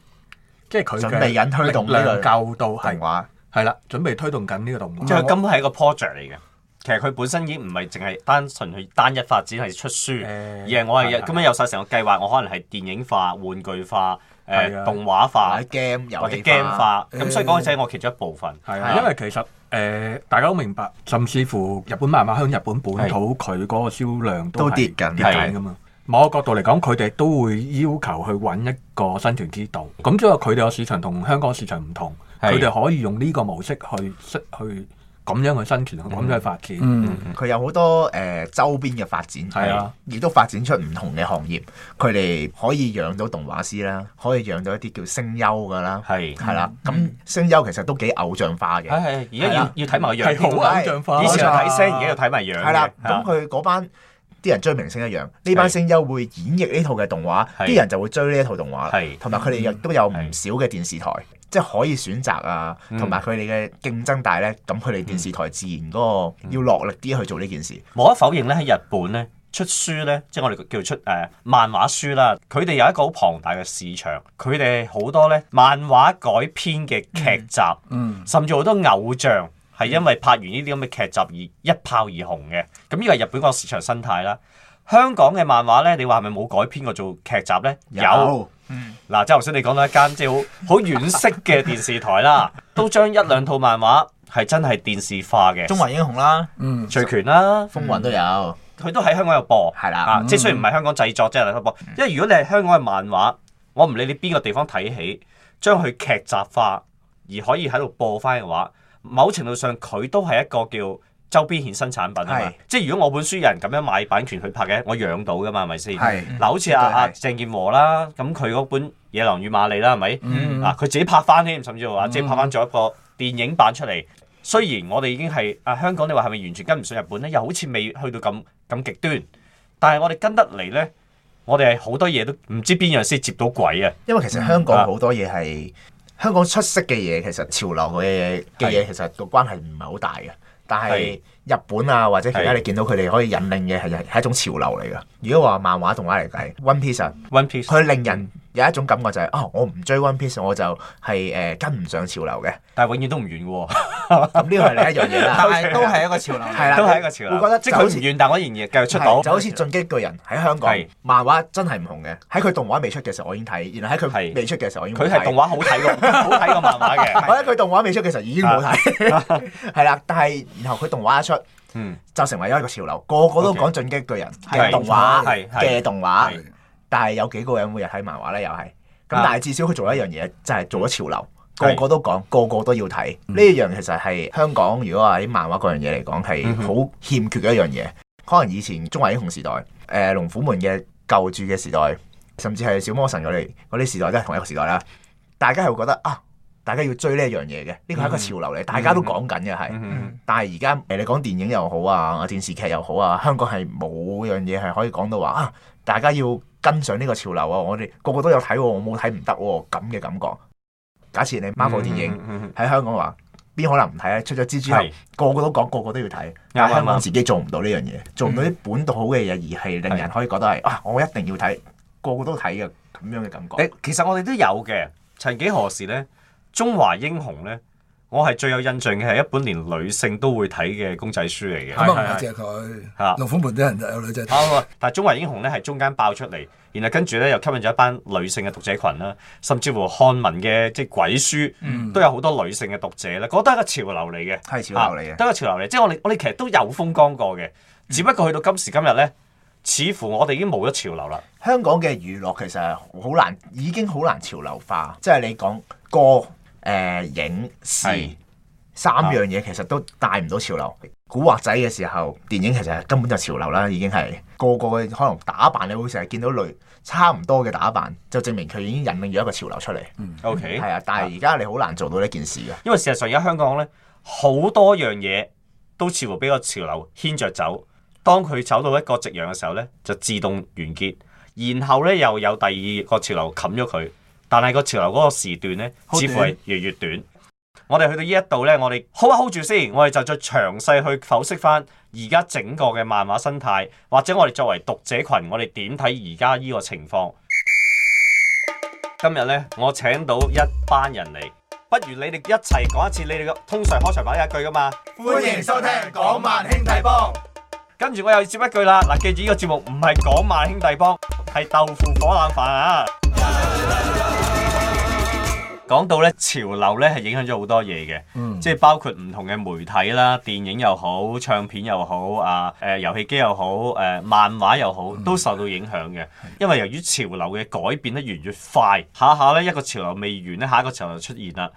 即係佢嘅力量夠到係話係啦，準備推動緊呢個動畫。即係根本係一個 project 嚟嘅，其實佢本身已經唔係淨係單純去單一發展，係出書，而係我係咁樣有晒成個計劃，我可能係電影化、玩具化、誒動畫化、game 或者 game 化。咁所以講嘅我其中一部分。係因為其實誒，大家都明白，甚至乎日本漫畫向日本本土，佢嗰個銷量都跌緊，跌緊噶嘛。某個角度嚟講，佢哋都會要求去揾一個生存之道。咁即係佢哋個市場同香港市場唔同，佢哋可以用呢個模式去出去咁樣去生存，咁樣去發展。佢有好多誒周邊嘅發展，係啊，亦都發展出唔同嘅行業。佢哋可以養到動畫師啦，可以養到一啲叫聲優噶啦，係係啦。咁聲優其實都幾偶像化嘅，係係。而家要要睇埋樣，好偶像化。以前睇聲，而家要睇埋樣。係啦，咁佢嗰班。啲人追明星一樣，呢班聲優會演繹呢套嘅動畫，啲是人就會追呢一套動畫。同埋佢哋亦都有唔少嘅電視台，是即係可以選擇啊。同埋佢哋嘅競爭大呢，咁佢哋電視台自然嗰個、嗯、要落力啲去做呢件事。無可否認呢，喺日本呢出書呢，即係我哋叫出誒漫畫書啦，佢哋有一個好龐大嘅市場，佢哋好多呢漫畫改編嘅劇集，嗯嗯、甚至好多偶像，係因為拍完呢啲咁嘅劇集而一炮而紅嘅，咁呢個係日本個市場生態啦。香港嘅漫畫咧，你話係咪冇改編過做劇集咧？有，嗱有，即係頭先你講到一間即係好好軟式嘅電視台啦，都將一兩套漫畫係真係電視化嘅，中華英雄啦，嗯，醉拳啦，風雲都有，佢，嗯，都喺香港有播，係啦，即係雖然唔係香港製作，即係嚟到播，因為如果你係香港嘅漫畫，我唔理你邊個地方睇起，將佢劇集化而可以喺度播翻嘅話。某程度上，佢都係一個叫周邊衍生產品啊是，即係如果我本書有人咁樣買版權去拍嘅，我養到㗎嘛，係咪先？嗱是，好似阿阿鄭健和啦，咁佢嗰本《野狼與瑪麗》啦，係咪？嗱、嗯，佢、啊、自己拍翻添，甚至乎啊，自己拍翻咗一個電影版出嚟。嗯、雖然我哋已經係啊香港，你話係咪完全跟唔上日本咧？又好似未去到咁咁極端，但係我哋跟得嚟咧，我哋係好多嘢都唔知邊樣先接到鬼啊。嗯、因為其實香港好多嘢係、嗯。香港出色嘅嘢，其實潮流嘅嘅嘢，是其實個關係唔係好大嘅。但係日本啊，或者其他你見到佢哋可以引領嘅係係一種潮流嚟㗎。如果話漫畫動畫嚟計，《One Piece》啊《One Piece》，佢令人。有一種感覺就係啊，我唔追 One Piece，我就係誒跟唔上潮流嘅，但係永遠都唔完喎。咁呢個係另一樣嘢啦，都係一個潮流，係啦，都係一個潮流。會覺得就好似《原彈》嗰件嘢繼續出到，就好似《進擊巨人》喺香港漫畫真係唔同嘅，喺佢動畫未出嘅時候我已經睇，然後喺佢未出嘅時候我已經睇。佢係動畫好睇嘅，好睇過漫畫嘅。我覺得佢動畫未出嘅時候已經冇睇，係啦。但係然後佢動畫一出，就成為咗一個潮流，個個都講《進擊巨人》嘅動畫，係嘅動畫。但係有幾個人每日睇漫畫咧，又係咁。但係至少佢做一樣嘢，真係做咗潮流。個個都講，的個個都要睇呢一樣。其實係香港如果話喺漫畫嗰樣嘢嚟講，係好欠缺嘅一樣嘢。可能以前《中華英雄時代》呃、誒《龍虎門》嘅舊住嘅時代，甚至係《小魔神》嗰啲啲時代都係同一個時代啦。大家係會覺得啊，大家要追呢一樣嘢嘅，呢個係一個潮流嚟，大家都講緊嘅係。嗯嗯、但係而家誒，你講電影又好啊，電視劇又好啊，香港係冇樣嘢係可以講到話啊，大家要。跟上呢個潮流啊！我哋個個都有睇，啊，我冇睇唔得咁嘅感覺。假設你 Marvel 電影喺香港話，邊可能唔睇啊？出咗蜘蛛俠，是個個都講，個個都要睇。喺的香港自己做唔到呢樣嘢，的做唔到啲本土好嘅嘢，而係令人可以覺得係的啊！我一定要睇，個個都睇嘅咁樣嘅感覺。誒，其實我哋都有嘅。曾幾何時咧，《中華英雄呢》咧？我係最有印象嘅係一本連女性都會睇嘅公仔書嚟嘅，咁啊，只佢，龍虎的門啲人有女仔睇的， 但係《中華英雄》呢咧係中間爆出嚟，然後跟住咧又吸引咗一班女性嘅讀者群啦，甚至乎漢文嘅即係鬼書，都有好多女性嘅讀者咧，覺得係個潮流嚟嘅，係潮流嚟嘅，得個、啊、潮流嚟。即係我哋我哋其實都有風光過嘅，嗯、只不過去到今時今日咧，似乎我哋已經冇咗潮流啦。香港嘅娛樂其實係好難，已經好難潮流化。即係你講歌。誒、呃、影視是三樣嘢其實都帶唔到潮流。古惑仔嘅時候，電影其實根本就潮流啦，已經係個個嘅可能打扮，你會成日見到類差唔多嘅打扮，就證明佢已經引領咗一個潮流出嚟。嗯、OK，係、嗯、啊，但係而家你好難做到呢件事嘅，因為事實上而家香港咧好多樣嘢都似乎俾個潮流牽着走。當佢走到一個夕陽嘅時候咧，就自動完結，然後咧又有第二個潮流冚咗佢。但係個潮流嗰個時段呢，Hold 似乎係越嚟越短。 我哋去到呢一度呢，我哋 hold 一 hold 住先。我哋就再詳細去剖析翻而家整個嘅漫畫生態，或者我哋作為讀者群，我哋點睇而家呢個情況？ 今日呢，我請到一班人嚟，不如你哋一齊講一次你哋通常開場白一句噶嘛？歡迎收聽《港漫兄弟幫》，跟住我又要接一句啦。嗱，記住呢個節目唔係《港漫兄弟幫》，係《豆腐火腩飯》啊！講到咧潮流咧係影響咗好多嘢嘅，嗯、即係包括唔同嘅媒體啦、電影又好、唱片又好、啊、呃、誒遊戲機又好、誒、呃、漫畫又好，都受到影響嘅。因為由於潮流嘅改變得越嚟越快，下下咧一個潮流未完咧，下一個潮流出現啦。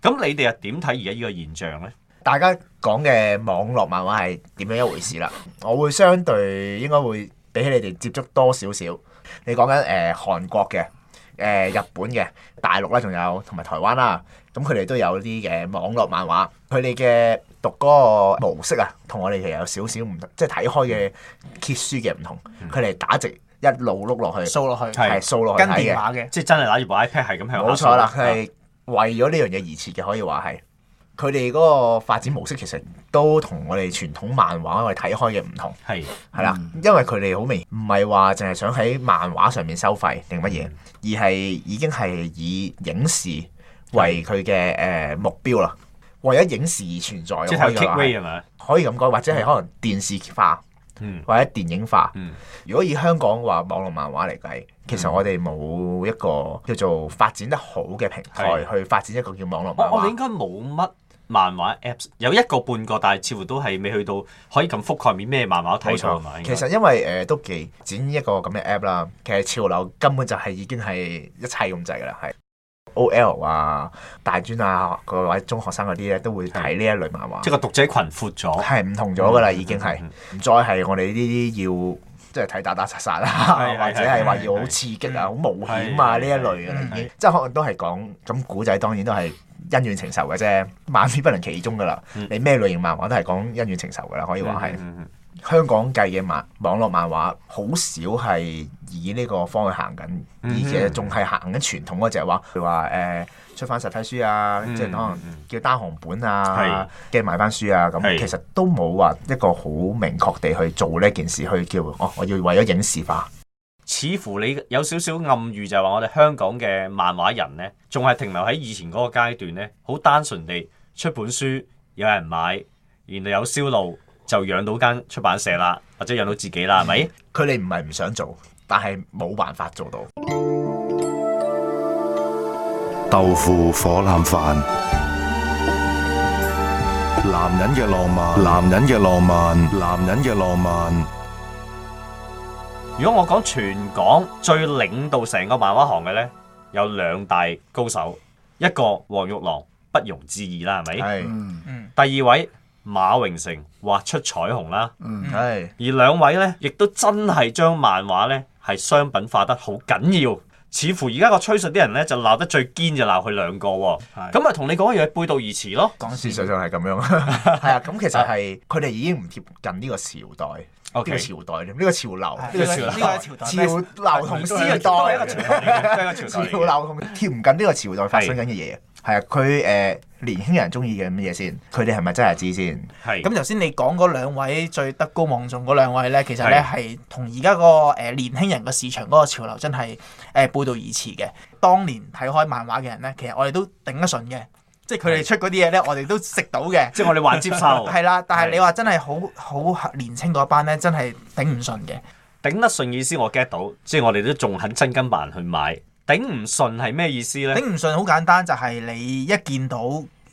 咁你哋又點睇而家呢個現象咧？大家講嘅網絡漫畫係點樣一回事啦？我會相對應該會比起你哋接觸多少少。你講緊誒韓國嘅，誒日本嘅大陸咧，仲有同埋台灣啦，咁佢哋都有啲嘅網絡漫畫，佢哋嘅讀嗰個模式啊，同我哋其實有少少唔同，即係睇開嘅揭書嘅唔同，佢哋打直一路碌落去，掃落去係掃落去睇嘅，跟電話嘅，即係真係攞住 iPad 係咁係。冇錯啦，佢係為咗呢樣嘢而設嘅，可以話係。佢哋嗰個發展模式其實都同我哋傳統漫畫我哋睇開嘅唔同，係係啦，的嗯、因為佢哋好明，唔係話淨係想喺漫畫上面收費定乜嘢，嗯、而係已經係以影視為佢嘅誒目標啦。為咗影視而存在，即係 keyway 係咪？可以咁講，或者係可能電視化，嗯、或者電影化。嗯嗯、如果以香港話網絡漫畫嚟計，其實我哋冇一個叫做發展得好嘅平台去發展一個叫網絡漫畫。我哋應該冇乜。的漫畫 Apps 有一個半個，但係似乎都係未去到可以咁覆蓋面咩漫畫題材。其實因為誒、呃、都幾剪一個咁嘅 App 啦。其實潮流根本就係已經係一切咁滯啦，係 OL 啊、大專啊、各位中學生嗰啲咧都會睇呢一類漫畫。即係個讀者群闊咗，係唔同咗噶啦，已經係唔再係我哋呢啲要。即係睇打打殺殺啦， 或者係話要好刺激啊、好 冒險啊呢 一類嘅啦，已經 即係可能都係講咁古仔，當然都係恩怨情仇嘅啫，萬變不能其中噶啦，你咩類型漫畫都係講恩怨情仇噶啦，可以話係。香港計嘅漫網絡漫畫好少係以呢個方向行緊，而且仲係行緊傳統嗰隻話，佢話誒出翻實體書啊，嗯、哼即係可能叫單行本啊，跟住賣翻書啊，咁是其實都冇話一個好明確地去做呢件事，去叫哦，我要為咗影視化。似乎你有少少暗喻，就係話我哋香港嘅漫畫人咧，仲係停留喺以前嗰個階段咧，好單純地出本書，有人買，然後有銷路。就養到間出版社啦，或者養到自己啦，係咪？佢哋唔係唔想做，但係冇辦法做到。豆腐火腩飯，男人嘅浪漫，男人嘅浪漫，男人嘅浪漫。如果我講全港最領導成個漫畫行嘅呢，有兩大高手，一個黃玉郎，不容置疑啦，係咪？係。第二位。馬榮成畫出彩虹啦，係而兩位咧，亦都真係將漫畫咧係商品化得好緊要，似乎而家個趨勢啲人咧就鬧得最堅就鬧佢兩個，咁啊同你講一樣背道而馳咯。講事實上係咁樣，係啊，咁其實係佢哋已經唔貼近呢個朝代，呢個朝代添，呢個潮流，呢個潮流同時代，一個潮流同貼唔緊呢個朝代發生緊嘅嘢，係啊，佢誒。年輕人中意嘅乜嘢先？佢哋係咪真係知先？係是。咁頭先你講嗰兩位最德高望重嗰兩位咧，其實咧係同而家個誒、呃、年輕人個市場嗰個潮流真係誒、呃、背道而馳嘅。當年睇開漫畫嘅人咧，其實我哋都頂得順嘅，即係佢哋出嗰啲嘢咧，是我哋都食到嘅。 即係我哋還接受。係啦， 但係你話真係好好年輕嗰班咧，真係頂唔順嘅。頂得順，意思我 get 到，即係我哋都仲肯真金白銀去買。頂唔順係咩意思咧？頂唔順好簡單，就係、是、你一見到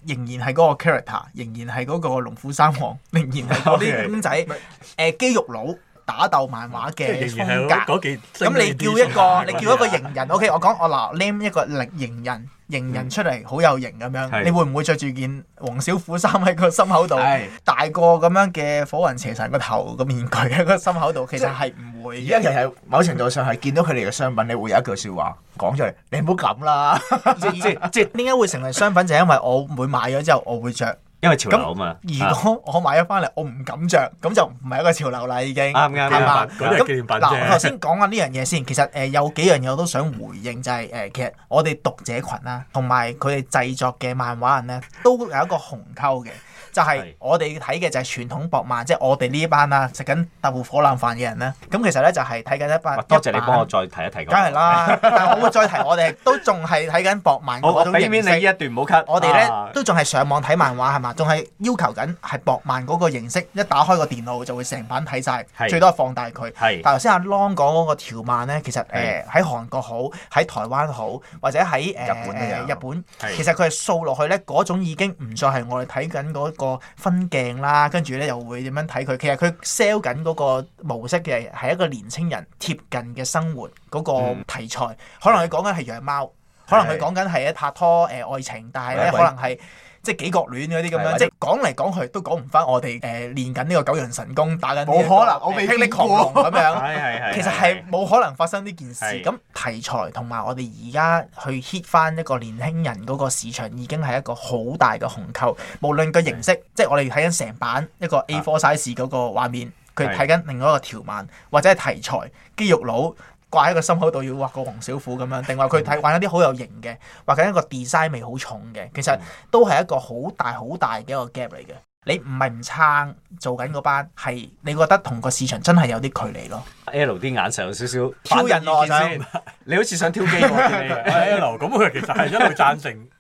仍然係嗰個 character，仍然係嗰個龍虎三王，仍然係嗰啲公仔，誒、 呃、肌肉佬。打鬥漫畫嘅風格，件，咁你叫一個，你叫一個型人、啊，OK，我講我嗱，name 一個型型人型人出嚟，好、嗯、有型咁樣，的你會唔會着住件黃小虎衫喺個心口度，的大個咁樣嘅火雲邪神個頭個面具喺個心口度，其實係唔會。而家、就是、其實某程度上係見到佢哋嘅商品， 你會有一句説話講出嚟，你唔好咁啦。即即即，點解會成為商品？就係 因為我每買咗之後，我會着。」因為潮流嘛，如果我買咗翻嚟我唔敢着，咁就唔係一個潮流啦已經，啱唔啱？係嘛？嗰啲紀念品啫。嗱，頭先講下呢樣嘢先。其實誒、呃，有幾樣嘢我都想回應，就係、是、誒、呃，其實我哋讀者群啦，同埋佢哋製作嘅漫畫人咧，都有一個鴻溝嘅。 就係我哋睇嘅就係傳統博漫，即、就、係、是、我哋呢一班啦、啊，食緊豆腐火腩飯嘅人咧、啊。咁其實咧就係睇緊一班。多謝你幫我再提一提。梗係啦， 但係我會再提我。我哋都仲係睇緊博漫嗰種形式，我避免你呢一段唔好 cut。我哋咧、啊、都仲係上網睇漫畫係嘛，仲係要求緊係博漫嗰個形式。一打開個電腦就會成版睇晒，是最多係放大佢。是但係頭先阿 Long 講嗰個條漫咧，其實誒喺是、呃、韓國好，喺台灣好，或者喺、呃、日，日本。日本是其實佢係掃落去咧，嗰種已經唔再係我哋睇緊嗰個分鏡啦，跟住咧又會點樣睇佢？其實佢 sell 緊嗰個模式嘅係一個年青人貼近嘅生活嗰個題材，嗯、可能佢講緊係養貓，是可能佢講緊係咧拍拖誒、呃、愛情，但係咧位可能係。即係幾角戀嗰啲咁樣，的即係講嚟講去都講唔翻我哋誒、呃、練緊呢個九陽神功，打緊冇、這個、可能，我被霹靂狂龍咁樣。其實係冇可能發生呢件事。咁題材同埋我哋而家去 hit 翻一個年輕人嗰個市場，已經係一個好大嘅鴻溝。無論個形式，的即係我哋睇緊成版一個 A Four Size 嗰個畫面，佢睇緊另外一個條漫或者係題材肌肉佬。掛喺個心口度要畫個黃小虎咁樣，定話佢睇畫有啲好有型嘅，或緊一個 design 味好重嘅，其實都係一個好大好大嘅一個 gap 嚟嘅。你唔係唔撐，做緊嗰班係，你覺得同個市場真係有啲距離咯？L 啲眼神有少少挑人嘅意思 你好似想挑機我見你。 L 咁佢其實係一路贊成。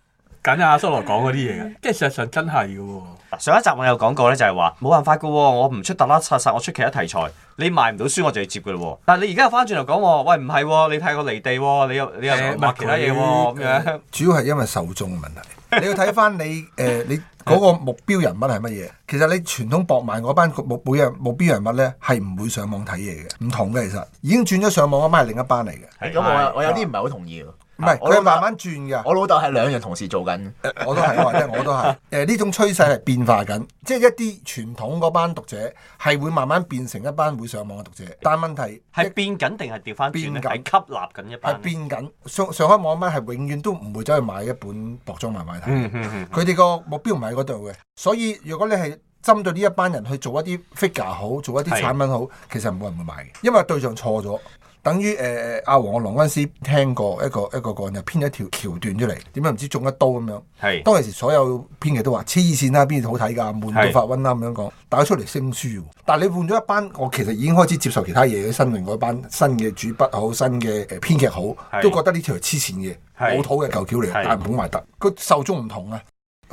揀阿蘇羅講嗰啲嘢啊，即係事實上真係嘅喎。上一集我有講過咧，就係話冇辦法嘅，我唔出特啦擦擦，我出其他題材，你賣唔到書我就要接嘅咯喎。但係你而家又翻轉頭講，喂唔係、哦，你睇我離地、哦，你又你又畫其他嘢咁、哦、樣。主要係因為受眾嘅問題， 你要睇翻你誒、呃、你嗰個目標人物係乜嘢？其實你傳統博賣嗰班目每日目標人物咧係唔會上網睇嘢嘅，唔同嘅其實已經轉咗上網啊，咪係另一班嚟嘅。咁的的我我有啲唔係好同意。唔係，佢係慢慢轉㗎。我老豆係兩樣同時做緊，我都係，或者我都係。誒，呢種趨勢係變化緊，即係一啲傳統嗰班讀者係會慢慢變成一班會上網嘅讀者。是但係問題係是一變緊定係掉翻轉咧？吸納緊一班係變緊上上開網咧，係永遠都唔會走去買一本薄裝漫畫睇。佢哋個目標唔喺嗰度嘅。所以如果你係針對呢一班人去做一啲 figure 好，做一啲產品好，的其實冇人會買，因為對象錯咗。等於誒阿黃阿郎嗰陣時聽過一個一個個人就編一條橋段出嚟，點解唔知中一刀咁樣？係當陣時所有編劇都話黐線啦，邊度好睇㗎，悶到發瘟啦咁樣講，但係出嚟升書。但係你換咗一班，我其實已經開始接受其他嘢嘅新嚟嗰班新嘅主筆好，新嘅誒編劇好，都覺得呢條係黐線嘅好土嘅舊橋嚟，但係唔好賣得。佢受眾唔同啊，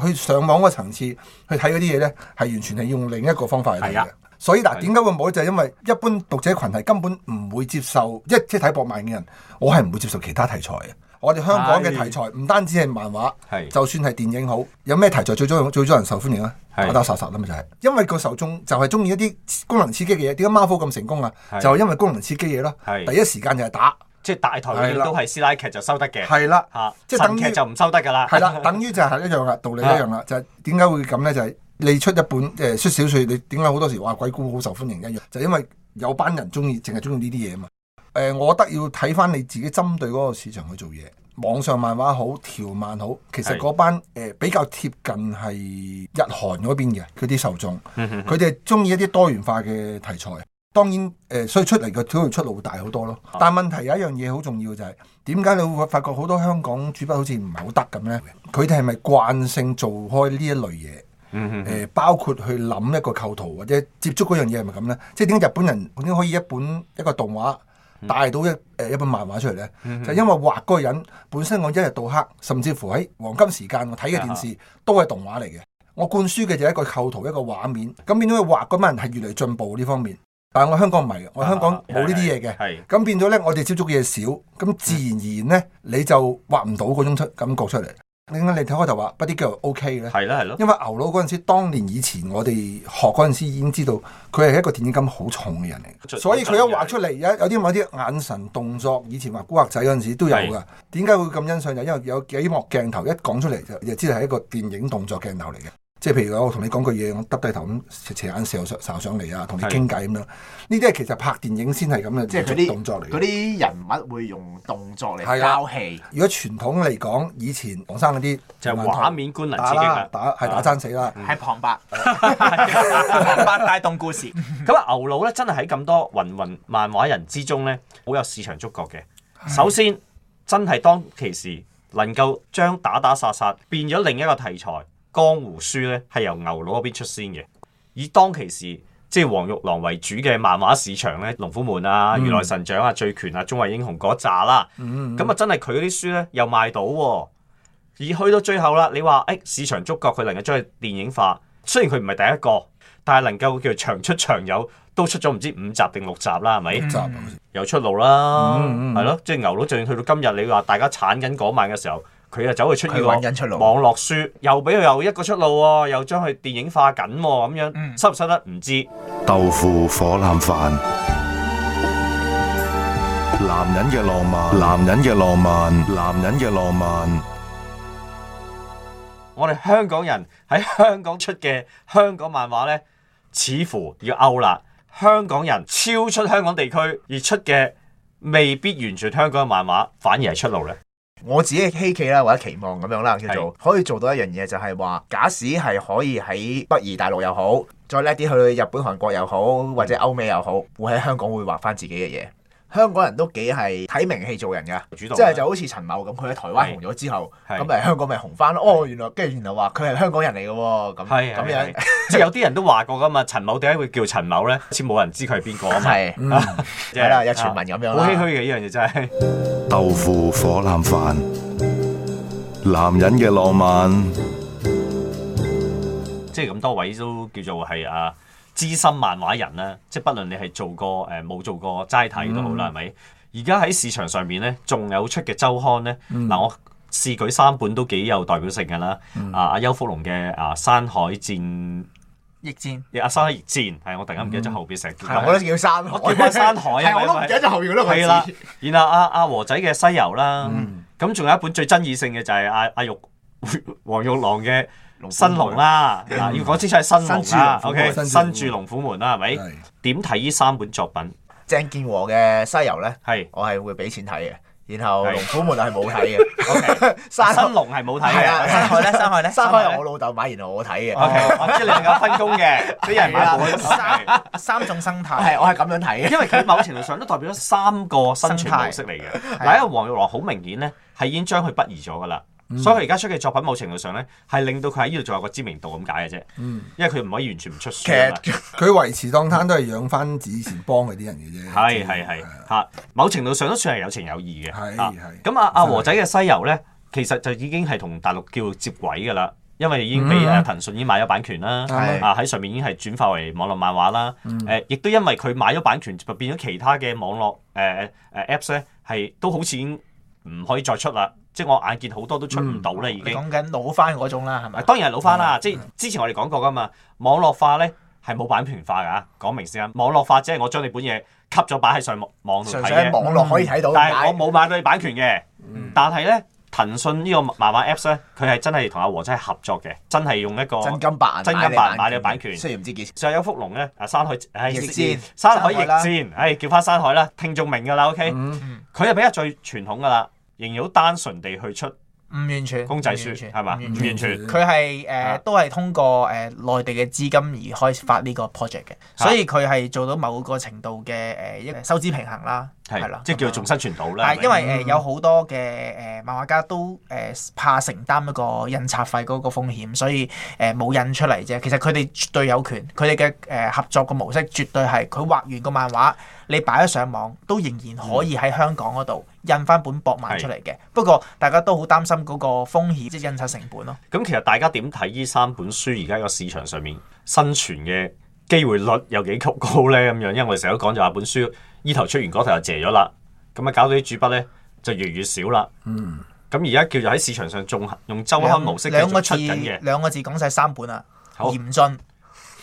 去上網嗰個層次去睇嗰啲嘢咧，係完全係用另一個方法嚟睇嘅。所以嗱，點解會冇就係、是、因為一般讀者群體根本唔會接受，即係即係睇博漫嘅人，我係唔會接受其他題材嘅。我哋香港嘅題材唔單止係漫畫，係的就算係電影好，有咩題材最中、最中人受歡迎啊？打打殺殺啦嘛，就是，就係因為個受眾就係鍾意一啲功能刺激嘅嘢。點解 Marvel 咁成功啊？的就係因為功能刺激嘢咯。的第一時間就係打，即係大台都係師奶劇就收得嘅。係啦，嚇，即係等於就唔收得㗎啦。係啦， 等於就係一樣啦，道理一樣啦，就係點解會咁咧？就係、是。你出一本誒出、呃、小說，你點解好多時話鬼故好受歡迎一樣？就因為有班人中意，淨係中意呢啲嘢啊嘛。誒、呃，我覺得要睇翻你自己針對嗰個市場去做嘢，網上漫畫好，條漫好，其實嗰班誒、呃、比較貼近係日韓嗰邊嘅嗰啲受眾，佢哋中意一啲多元化嘅題材。當然誒、呃，所以出嚟嘅都出路會大好多咯。但係問題有一樣嘢好重要，就係點解你會發覺好多香港主筆好似唔係好得咁呢？佢哋係咪慣性做開呢一類嘢？嗯、呃、包括去諗一個構圖或者接觸嗰樣嘢係咪咁呢？即係點解日本人點可以一本一個動畫帶到一誒、嗯哼呃、一本漫畫出嚟呢？嗯、哼就因為畫嗰個人本身我一日到黑，甚至乎喺黃金時間我睇嘅電視、啊、哈都係動畫嚟嘅。我灌輸嘅就係一個構圖一個畫面，咁變咗畫嗰班人係越嚟進步呢方面。但係我香港唔係，我香港冇呢啲嘢嘅，咁、啊、變咗呢，我哋接觸嘅嘢少，咁自然而然呢、嗯、你就畫唔到嗰種出感覺出嚟。點解你睇開就話不啲叫 O K 咧？係啦、okay，係咯。因為牛佬嗰陣時，當年以前我哋學嗰陣時已經知道佢係一個電影感好重嘅人嚟。的所以佢一畫出嚟，有有啲某啲眼神動作，以前話古惑仔嗰陣時都有噶。點解的會咁欣賞？就因為有幾幕鏡頭一講出嚟就就知道係一個電影動作鏡頭嚟嘅。即係譬如我同你講句嘢，我耷低頭咁斜眼睄上嚟啊，同你傾偈咁樣。呢啲係其實拍電影先係咁嘅，即係嗰啲動作嚟。嗰啲人物會用動作嚟交戲、啊。如果傳統嚟講，以前黃生嗰啲就係畫面觀能，刺激打係打爭、啊、死啦，係旁白，旁白 帶動故事。咁啊， 牛佬咧真係喺咁多雲雲漫畫人之中咧，好有市場觸覺嘅。 首先，真係當其時能夠將打打殺殺變咗另一個題材。江湖書咧係由牛佬嗰邊出先嘅，以當其時即係黃玉郎為主嘅漫畫市場咧，龍虎門啊、如來神掌啊、醉拳啊、中華英雄嗰扎啦，咁、嗯嗯嗯、啊真係佢嗰啲書咧又賣到，而去到最後啦，你話誒、欸、市場觸覺佢能夠將佢電影化，雖然佢唔係第一個，但係能夠叫長出長有，都出咗唔知五集定六集啦，係咪？嗯嗯又出路啦，係咯、嗯嗯嗯，即係牛佬，就算去到今日，你話大家產緊嗰晚嘅時候。佢又走去搵人出個網絡書，又俾佢又一個出路喎、啊，又將佢電影化緊喎、啊，咁樣、嗯、收唔收得唔知。豆腐火腩飯，男人嘅浪漫，男人嘅浪漫，男人嘅浪漫。浪漫，我哋香港人喺香港出嘅香港漫畫呢，似乎要 out 啦。香港人超出香港地區而出嘅未必完全香港嘅漫畫，反而係出路呢。我自己希冀啦，或者期望咁樣啦，叫做是可以做到一樣嘢，就係話假使係可以喺北移大陸又好，再叻啲去日本、韓國又好，或者歐美又好，會喺香港會畫翻自己嘅嘢。香港人都幾係睇名氣做人噶，即係就好似陳某咁，佢喺台灣紅咗之後，咁咪香港咪紅翻咯？哦，原來跟住原來話佢係香港人嚟嘅喎，咁咁樣，即係有啲人都話過噶嘛。陳某點解會叫陳某咧？好似冇人知佢係邊個啊？嘛係，係啦，有傳聞咁樣，好唏噓嘅呢樣嘢真係。豆腐火腩飯，男人嘅浪漫，即係咁多位都叫做係啊。資深漫畫人啦，即係不論你係做過誒，冇做過齋睇都好啦，係咪？而家喺市場上面咧，仲有出嘅周刊咧，嗱，我試舉三本都幾有代表性噶啦。啊，阿邱福龍嘅《啊山海戰》、《逆戰》，阿《山海逆戰》，係我突然間唔記得咗後邊成日見到。係我都叫山，我山海，我都唔記得咗後邊啦。係啦，然後阿阿和仔嘅《西遊》啦，咁仲有一本最爭議性嘅就係阿阿玉黃玉郎嘅。新龍啦，嗱要講清楚係新龍 OK 新住龍虎門啦，係咪？點睇呢三本作品？鄭健和嘅《西遊》咧，係我係會俾錢睇嘅，然後龍虎門係冇睇嘅，新龍係冇睇嘅，山海咧，山海咧，山海我老豆買，然後我睇嘅，O K，即係你哋分工嘅，俾人買，三三種生態，係我係咁樣睇嘅，因為佢某程度上都代表咗三個生態模式嚟嘅，嗱，因為黃玉郎好明顯咧係已經將佢不義咗噶啦。所以佢而家出嘅作品，某程度上咧，係令到佢喺呢度仲有個知名度咁解嘅啫。因為佢唔可以完全唔出書。佢維持檔攤都係養翻以前幫嗰啲人嘅啫。係係係嚇，某程度上都算係有情有義嘅。咁阿阿和仔嘅《西遊》咧，其實就已經係同大陸叫接軌嘅啦，因為已經俾騰訊已經買咗版權啦。啊，喺上面已經係轉化為網絡漫畫啦。誒，亦都因為佢買咗版權，變咗其他嘅網絡誒誒 Apps 咧，係都好似已經唔可以再出啦。即係我眼見好多都出唔到啦，已經。講緊攞翻嗰種啦，係咪？當然係攞翻啦，即係之前我哋講過噶嘛。網絡化咧係冇版權化噶，講明先啊。網絡化即係我將你本嘢吸咗擺喺上網網度睇嘅。純粹網絡可以睇到，但係我冇買到你版權嘅。但係咧，騰訊呢個漫畫 Apps 咧，佢係真係同阿和真係合作嘅，真係用一個真金白銀真金白銀買你版權。雖然唔知幾上有福龍咧，阿山海翼先，山海逆戰，叫翻山海啦，聽眾明噶啦，OK。佢係比較最傳統噶啦。仍然好單純地去出唔完全公仔書係嘛？唔完全，佢係誒都係通過誒內地嘅資金而開發呢個 project 嘅，所以佢係做到某個程度嘅誒一收支平衡啦，係啦，即係叫做仲生存到啦。但係因為誒有好多嘅誒漫畫家都誒怕承擔一個印刷費嗰個風險，所以誒冇印出嚟啫。其實佢哋絕對有權，佢哋嘅誒合作嘅模式絕對係佢畫完個漫畫，你擺咗上網都仍然可以喺香港嗰度，印翻本薄賣出嚟嘅，是的 不過大家都好擔心嗰個風險即係印刷成本咯。咁其實大家點睇呢三本書而家個市場上面生存嘅機會率有幾高高咧？咁樣因為我哋成日都講就話本書呢頭出完嗰頭就謝咗啦，咁啊搞到啲主筆咧就越越少啦。嗯，咁而家叫做喺市場上仲用周刊模式兩個字，兩個字講晒三本啊，嚴好峻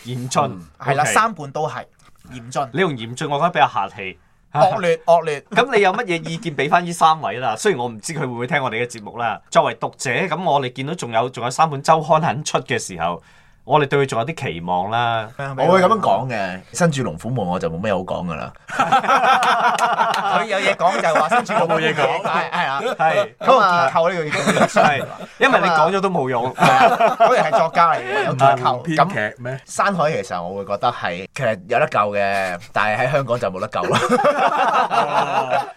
嚴峻係啦、嗯 okay，三本都係嚴峻。你用嚴峻，我覺得比較客氣。惡劣，惡劣。咁 你有乜嘢意見俾翻呢三位啦？ 雖然我唔知佢會唔會聽我哋嘅節目啦。作為讀者，咁我哋見到仲有仲有三本週刊肯出嘅時候，我哋對佢仲有啲期望啦，我會咁樣講嘅。身住龍虎門我就冇咩好講噶啦。佢有嘢講就話身住龍虎門冇嘢講，係啊係。咁啊，建構呢個要，係，因為你講咗都冇用，係啊。嗰係作家嚟嘅，建構編劇咩？山海其實我會覺得係，其實有得救嘅，但係喺香港就冇得救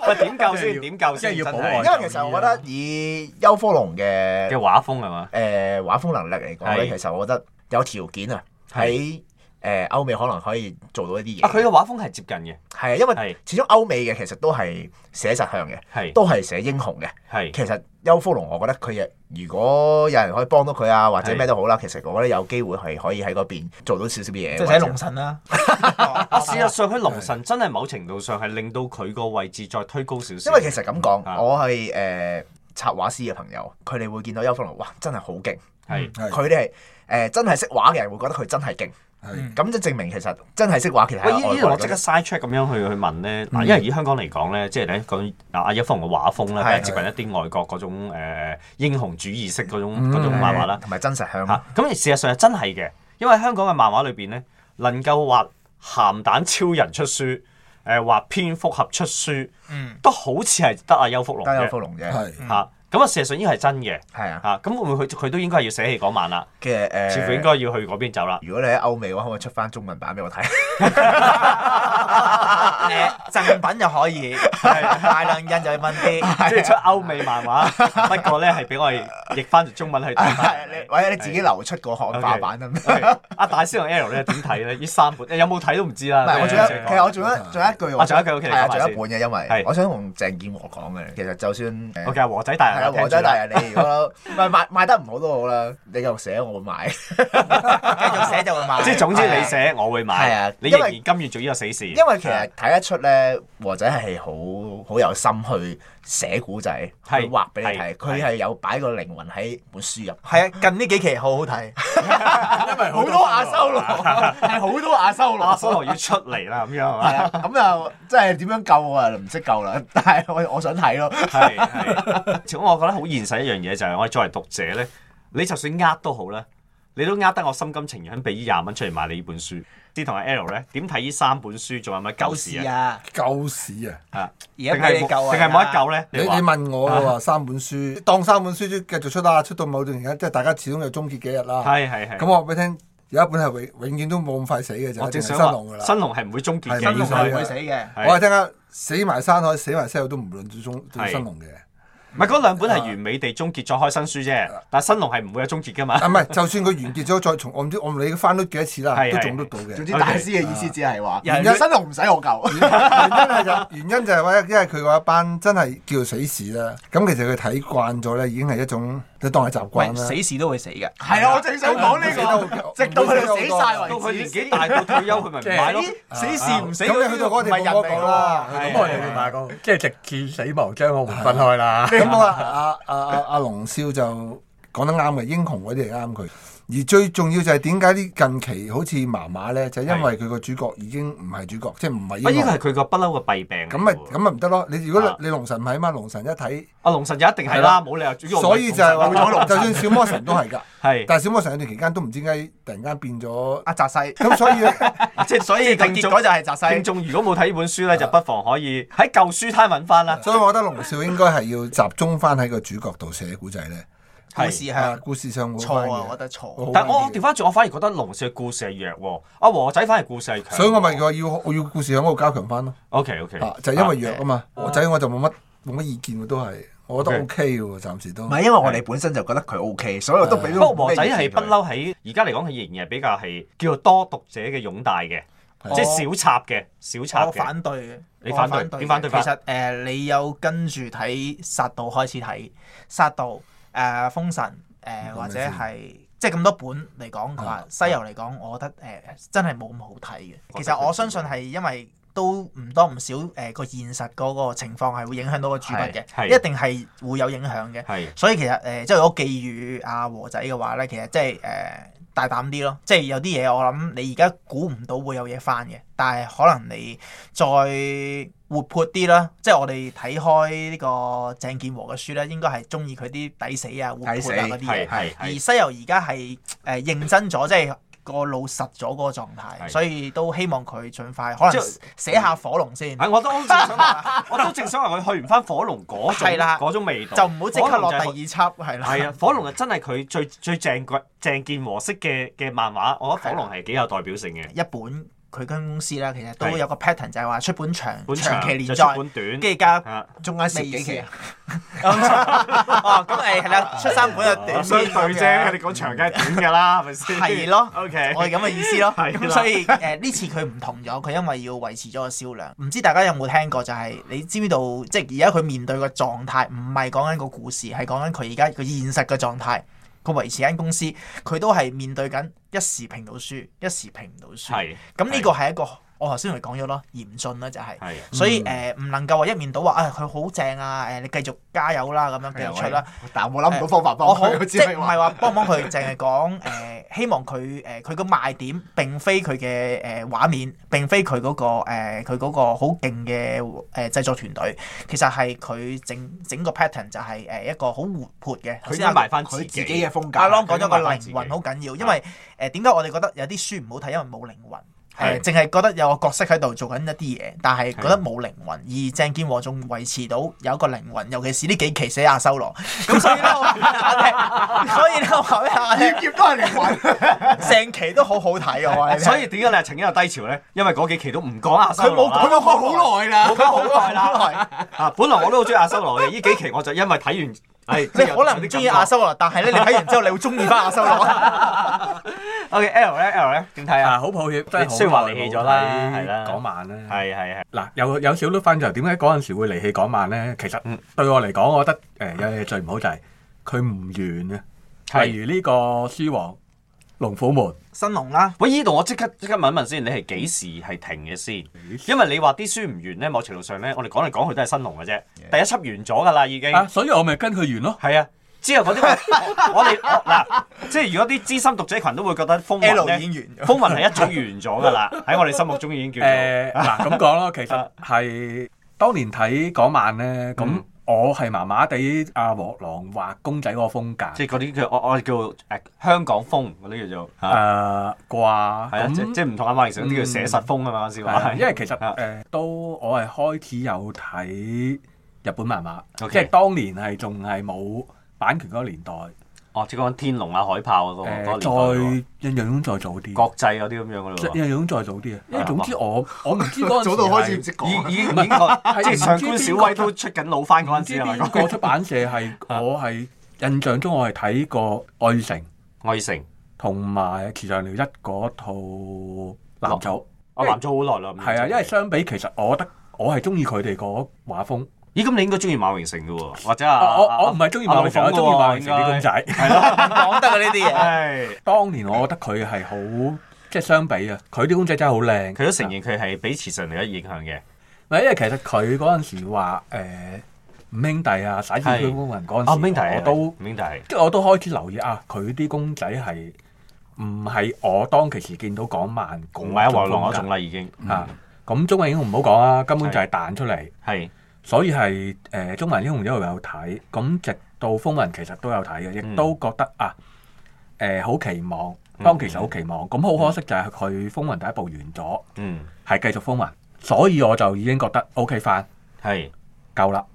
喂，點救先？點救先？因為其實我覺得以邱福龍嘅嘅畫風係嘛？誒，畫風能力嚟講咧，其實我覺得。有條件啊，喺誒歐美可能可以做到一啲嘢。佢嘅畫風係接近嘅，係啊，因為始終歐美嘅其實都係寫實向嘅，都係寫英雄嘅。其實邱福龍，我覺得佢如果有人可以幫到佢啊，或者咩都好啦，其實我覺得有機會係可以喺嗰邊做到少少嘢。即係龍神啦。啊，事實上，佢龍神真係某程度上係令到佢個位置再推高少少。因為其實咁講，我係誒插畫師嘅朋友，佢哋會見到邱福龍，哇，真係好勁。佢哋係。誒真係識畫嘅人會覺得佢真係勁，咁的就係證明其實真係識畫。其實我依我即刻 side check 咁樣去去問咧，嗯、因為以香港嚟講咧，即係你講阿邱福龍嘅畫風咧，的接近一啲外國嗰種、呃、英雄主義式嗰種、嗯、種漫畫啦，同埋真實向。咁、啊、事實上係真係嘅，因為香港嘅漫畫裏邊咧，能夠畫鹹蛋超人出書，誒畫蝙蝠俠出書，都好似係得阿邱福龍嘅，嘅、嗯，係的的咁啊，事實上應該係真嘅，係啊，嚇咁會唔會佢佢都應該係要寫戲嗰晚啦嘅誒，似乎應該要去嗰邊走啦。如果你喺歐美，嘅話可唔可以出翻中文版俾我睇？誒，贈品就可以，大量印就係問啲。即係出歐美漫畫，不過咧係俾我哋譯翻中文去睇。或者你自己留出個漢化版咁。阿大師同 L 咧點睇咧？呢三本你有冇睇都唔知啦。唔係，我仲有，我仲有仲有一句我仲有一句，O 我仲有一本嘅，因為我想同鄭健和講嘅，其實就算 O K，和仔大。黃仔大人 你如果，唔係賣賣得唔好都好啦。你繼續寫，我會買。 繼續寫就會買。即係 總之，你寫，是啊、我會買。係啊，因為今月做呢個死事因。因為其實睇得出咧，黃仔係好好有心去。寫古仔，佢畫俾你睇，佢係是有擺個靈魂喺本書入。係啊，近呢幾期好好睇， 因為好多阿修羅，係好 多阿修羅，阿 修羅 要出嚟啦咁樣係啊，咁啊，即係點樣救我又唔識救啦，但係我我想睇咯。係 ，係。如果我覺得好現實一樣嘢就係、是、我作為讀者咧，你就算呃都好啦，你都呃得我心甘情願俾廿蚊出嚟買你呢本書。啲同系 L 咧，點睇呢三本書？仲係咪舊屎啊？舊屎啊！啊，而家你舊啊？定係冇一舊咧？你你問我喎，三本書當三本書，繼續出啦，出到某段時間，即係大家始終有終結幾日啦。係係係。咁我話俾你聽，有一本係永永遠都冇咁快死嘅啫，即係新龍噶啦。新龍係唔會終結嘅，新龍係唔會死嘅。我話聽下，死埋山海，死埋西 e 都唔論最終到新龍嘅。唔係嗰兩本係完美地終結咗開、啊、新書啫，但係新龍係唔會有終結㗎嘛。啊唔係，就算佢完結咗， 再從按啲按理翻是都幾多次啦，都仲得到嘅。總之大師嘅意思只係話，啊、原因新龍唔使我救。原因係就是、 原因就係、是、喂，因為佢嗰一班真係叫做死士啦。咁其實佢睇慣咗咧，已經係一種。就當係習慣死士都會死嘅。係啊，我正想講呢個，直到佢哋死曬到佢年紀大到退休，佢咪唔買咯。死士，唔死，咁咪唔係人嚟㗎啦。咁我哋唔買個。即係直見死亡，將我哋分開啦。咁啊，阿阿阿阿龍少就講得啱嘅，英雄嗰啲係啱佢。而最重要就係點解啲近期好似麻麻咧，就係因為佢個主角已經唔係主角，即係唔係依個。啊！依個係佢個不嬲嘅弊病。咁咪咁咪唔得咯？你如果你龍神唔係啊嘛，龍神一睇，啊龍神就一定係啦，冇理由。主所以就係話，就算小魔神都係噶。係。但係小魔神一段期間都唔知點解突然間變咗阿扎西。咁所以，即係所以個結果就係扎西。觀眾如果冇睇依本書咧，就不妨可以喺舊書攤揾翻啦。所以我覺得龍少應該係要集中翻喺個主角度寫古仔咧。故事係啊，故事上錯啊，我覺得錯。但我調翻轉，我反而覺得龍少嘅故事係弱。阿和仔反而故事係強，所以我咪話要要故事喺嗰度加強翻咯。OK OK，就係因為弱啊嘛。和仔我就冇乜冇乜意見，都係我覺得 OK 嘅，暫時都。唔係因為我哋本身就覺得佢 OK，所以都俾。不過和仔係不嬲喺而家嚟講，佢仍然係比較係叫做多讀者嘅擁戴嘅，即係小插嘅小插。我反對嘅，你反對點反對？其實誒，你有跟住睇殺道開始睇殺道。誒封、呃、神誒、呃、或者係即咁多本嚟講話，嗯、西遊嚟講，我覺得誒、呃、真係冇咁好睇嘅。其實我相信係因為都唔多唔少誒個，呃、現實嗰個情況係會影響到個主筆嘅，一定係會有影響嘅。所以其實誒、呃、即係我寄語阿和仔嘅話咧，其實即係誒。呃大膽啲咯，即係有啲嘢我諗你而家估唔到會有嘢翻嘅，但係可能你再活潑啲啦。即係我哋睇開呢個鄭健和嘅書咧，應該係鍾意佢啲抵死啊、死活潑啊嗰啲嘢。而西遊而家係誒認真咗，是即係。個腦實咗嗰個狀態，的所以都希望佢盡快，可能寫下火龍先。我都我都正想話， 我都正想話佢去完翻火龍嗰種嗰的種味道，就唔好即刻落第二輯，係啦。係啊，火龍係真係佢最最正骨鄭健和式嘅嘅漫畫，我覺得火龍係幾有代表性嘅一本。佢間公司啦，其實都有個 pattern，就係話出本長，長期連載，跟住而家仲四幾期啊？哦，咁係係啦，出三本就短，相對啫。你講長梗係短㗎啦，係咪先？係咯。O K，我係咁嘅意思咯。咁所以誒，呢次佢唔同咗，佢因為要維持咗個銷量。唔知大家有冇聽過？就係你知唔知道？即係而家佢面對個狀態，唔係講緊個故事，係講緊佢而家個現實嘅狀態。佢維持間公司，佢都係面對緊一時評到輸，一時評唔到輸。係是，咁呢個係一個。我頭先咪講咗咯，就是、嚴峻啦就係，的所以誒唔、呃、能夠話一面倒話，誒佢好正啊！誒、哎、你繼續加油啦，咁樣繼續出啦、哎。但係我冇諗唔到方法幫佢，即係唔係話幫幫佢，淨係講誒希望佢誒佢個賣點並非佢嘅誒畫面，並非佢嗰、那個誒佢嗰個好勁嘅誒製作團隊，其實係佢整整個 pattern 就係誒一個好活潑嘅。佢先係賣翻佢自己嘅風格。阿朗講咗個靈魂好緊要，因為誒點解我哋覺得有啲書唔好睇，因為冇靈魂。係，淨係 覺得有個角色喺度做緊一啲嘢，但係覺得冇靈魂。而鄭健和仲維持到有一個靈魂，尤其是呢幾期寫阿修羅，咁 所以咧，我 所以咧話咧，演劫都係靈魂，成期都好好睇。我話你，所以點解你係曾經有低潮咧？因為嗰幾期都唔講阿修羅，佢冇，佢講咗開好耐啦，冇講開好耐啦。啊，本來我都好中意阿修羅嘅，呢 幾期我就因為睇完。係，即 可能你唔中意阿修羅啦，但係咧你睇完之後你會中意翻阿修羅啦。 o、okay, K L L L 咧，點睇呀，好抱歉，雖然話離棄咗啦，嗰晚看啦，係係係。嗱有有少少分在，點解嗰陣時會離棄嗰晚咧？其實，嗯，對我嚟講，我覺得誒、嗯呃、有嘢最唔好就係佢唔完啊。是例如呢個書王。龍虎門，新龍啦、啊。喂，呢度我即刻即刻問一問先，你係幾時係停嘅先？因為你話啲書唔完咧，某程度上咧，我哋講嚟講去都係新龍嘅啫。Yeah. 第一輯完咗噶啦，已經。啊、所以我咪跟佢完咯。係啊，之後嗰啲 我哋嗱、啊，即係如果啲資深讀者群都會覺得風雲已經完，風雲係一早完咗噶啦。喺 我哋心目中已經叫誒，嗱咁講咯。其實係當年睇嗰晚咧咁。嗯我係麻麻地，阿、啊、黃狼畫公仔嗰個風格，即係嗰啲叫我我叫誒、呃、香港風嗰啲叫做誒啩，即即唔同阿馬爾想啲叫寫實風啊嘛，是話、嗯，因為其實誒、啊呃、都我係開始有睇日本漫畫，Okay. 即係當年咧係仲係冇版權嗰個年代。哦，即講《天龍》啊，《海豹》啊咁，再印象中再早啲。國際嗰啲咁樣噶咯。印象中再早啲啊。因為總之我，我唔知嗰陣時係早到開始唔識講。以，以唔係我，即上官小威都出緊老翻嗰陣時個出版社係我，係印象中我係睇過《愛城》《愛城》，同埋《其上鳥一》嗰套《藍組》。我藍組好耐啦。係啊，因為相比其實我覺得我係中意佢哋嗰畫風。咦，咁你應該中意馬榮成嘅喎，或者啊，我我唔係中意馬榮成，我中意馬榮成啲公仔，係咯講得啊呢啲嘢。當年我覺得佢係好即係相比啊，佢啲公仔真係好靚。佢都承認佢係俾慈祥嚟嘅影響嘅。唔因為其實佢嗰陣時話誒，明帝啊，洗子孫雲嗰陣時，我都明帝，即係我都開始留意啊，佢啲公仔係唔係我當其時見到講慢，講埋一黃龍一種啦，已經嚇。咁中華英雄唔好講啊，根本就係彈出嚟係。所以係誒、呃《中華英雄》一路有睇，咁直到《風雲》其實都有睇嘅，亦都覺得啊，誒、呃、好期望，當其時好期望。咁好、嗯、可惜就係佢《風雲》第一部完咗，嗯，係繼續《風雲》，所以我就已經覺得 OK 翻是，係夠啦。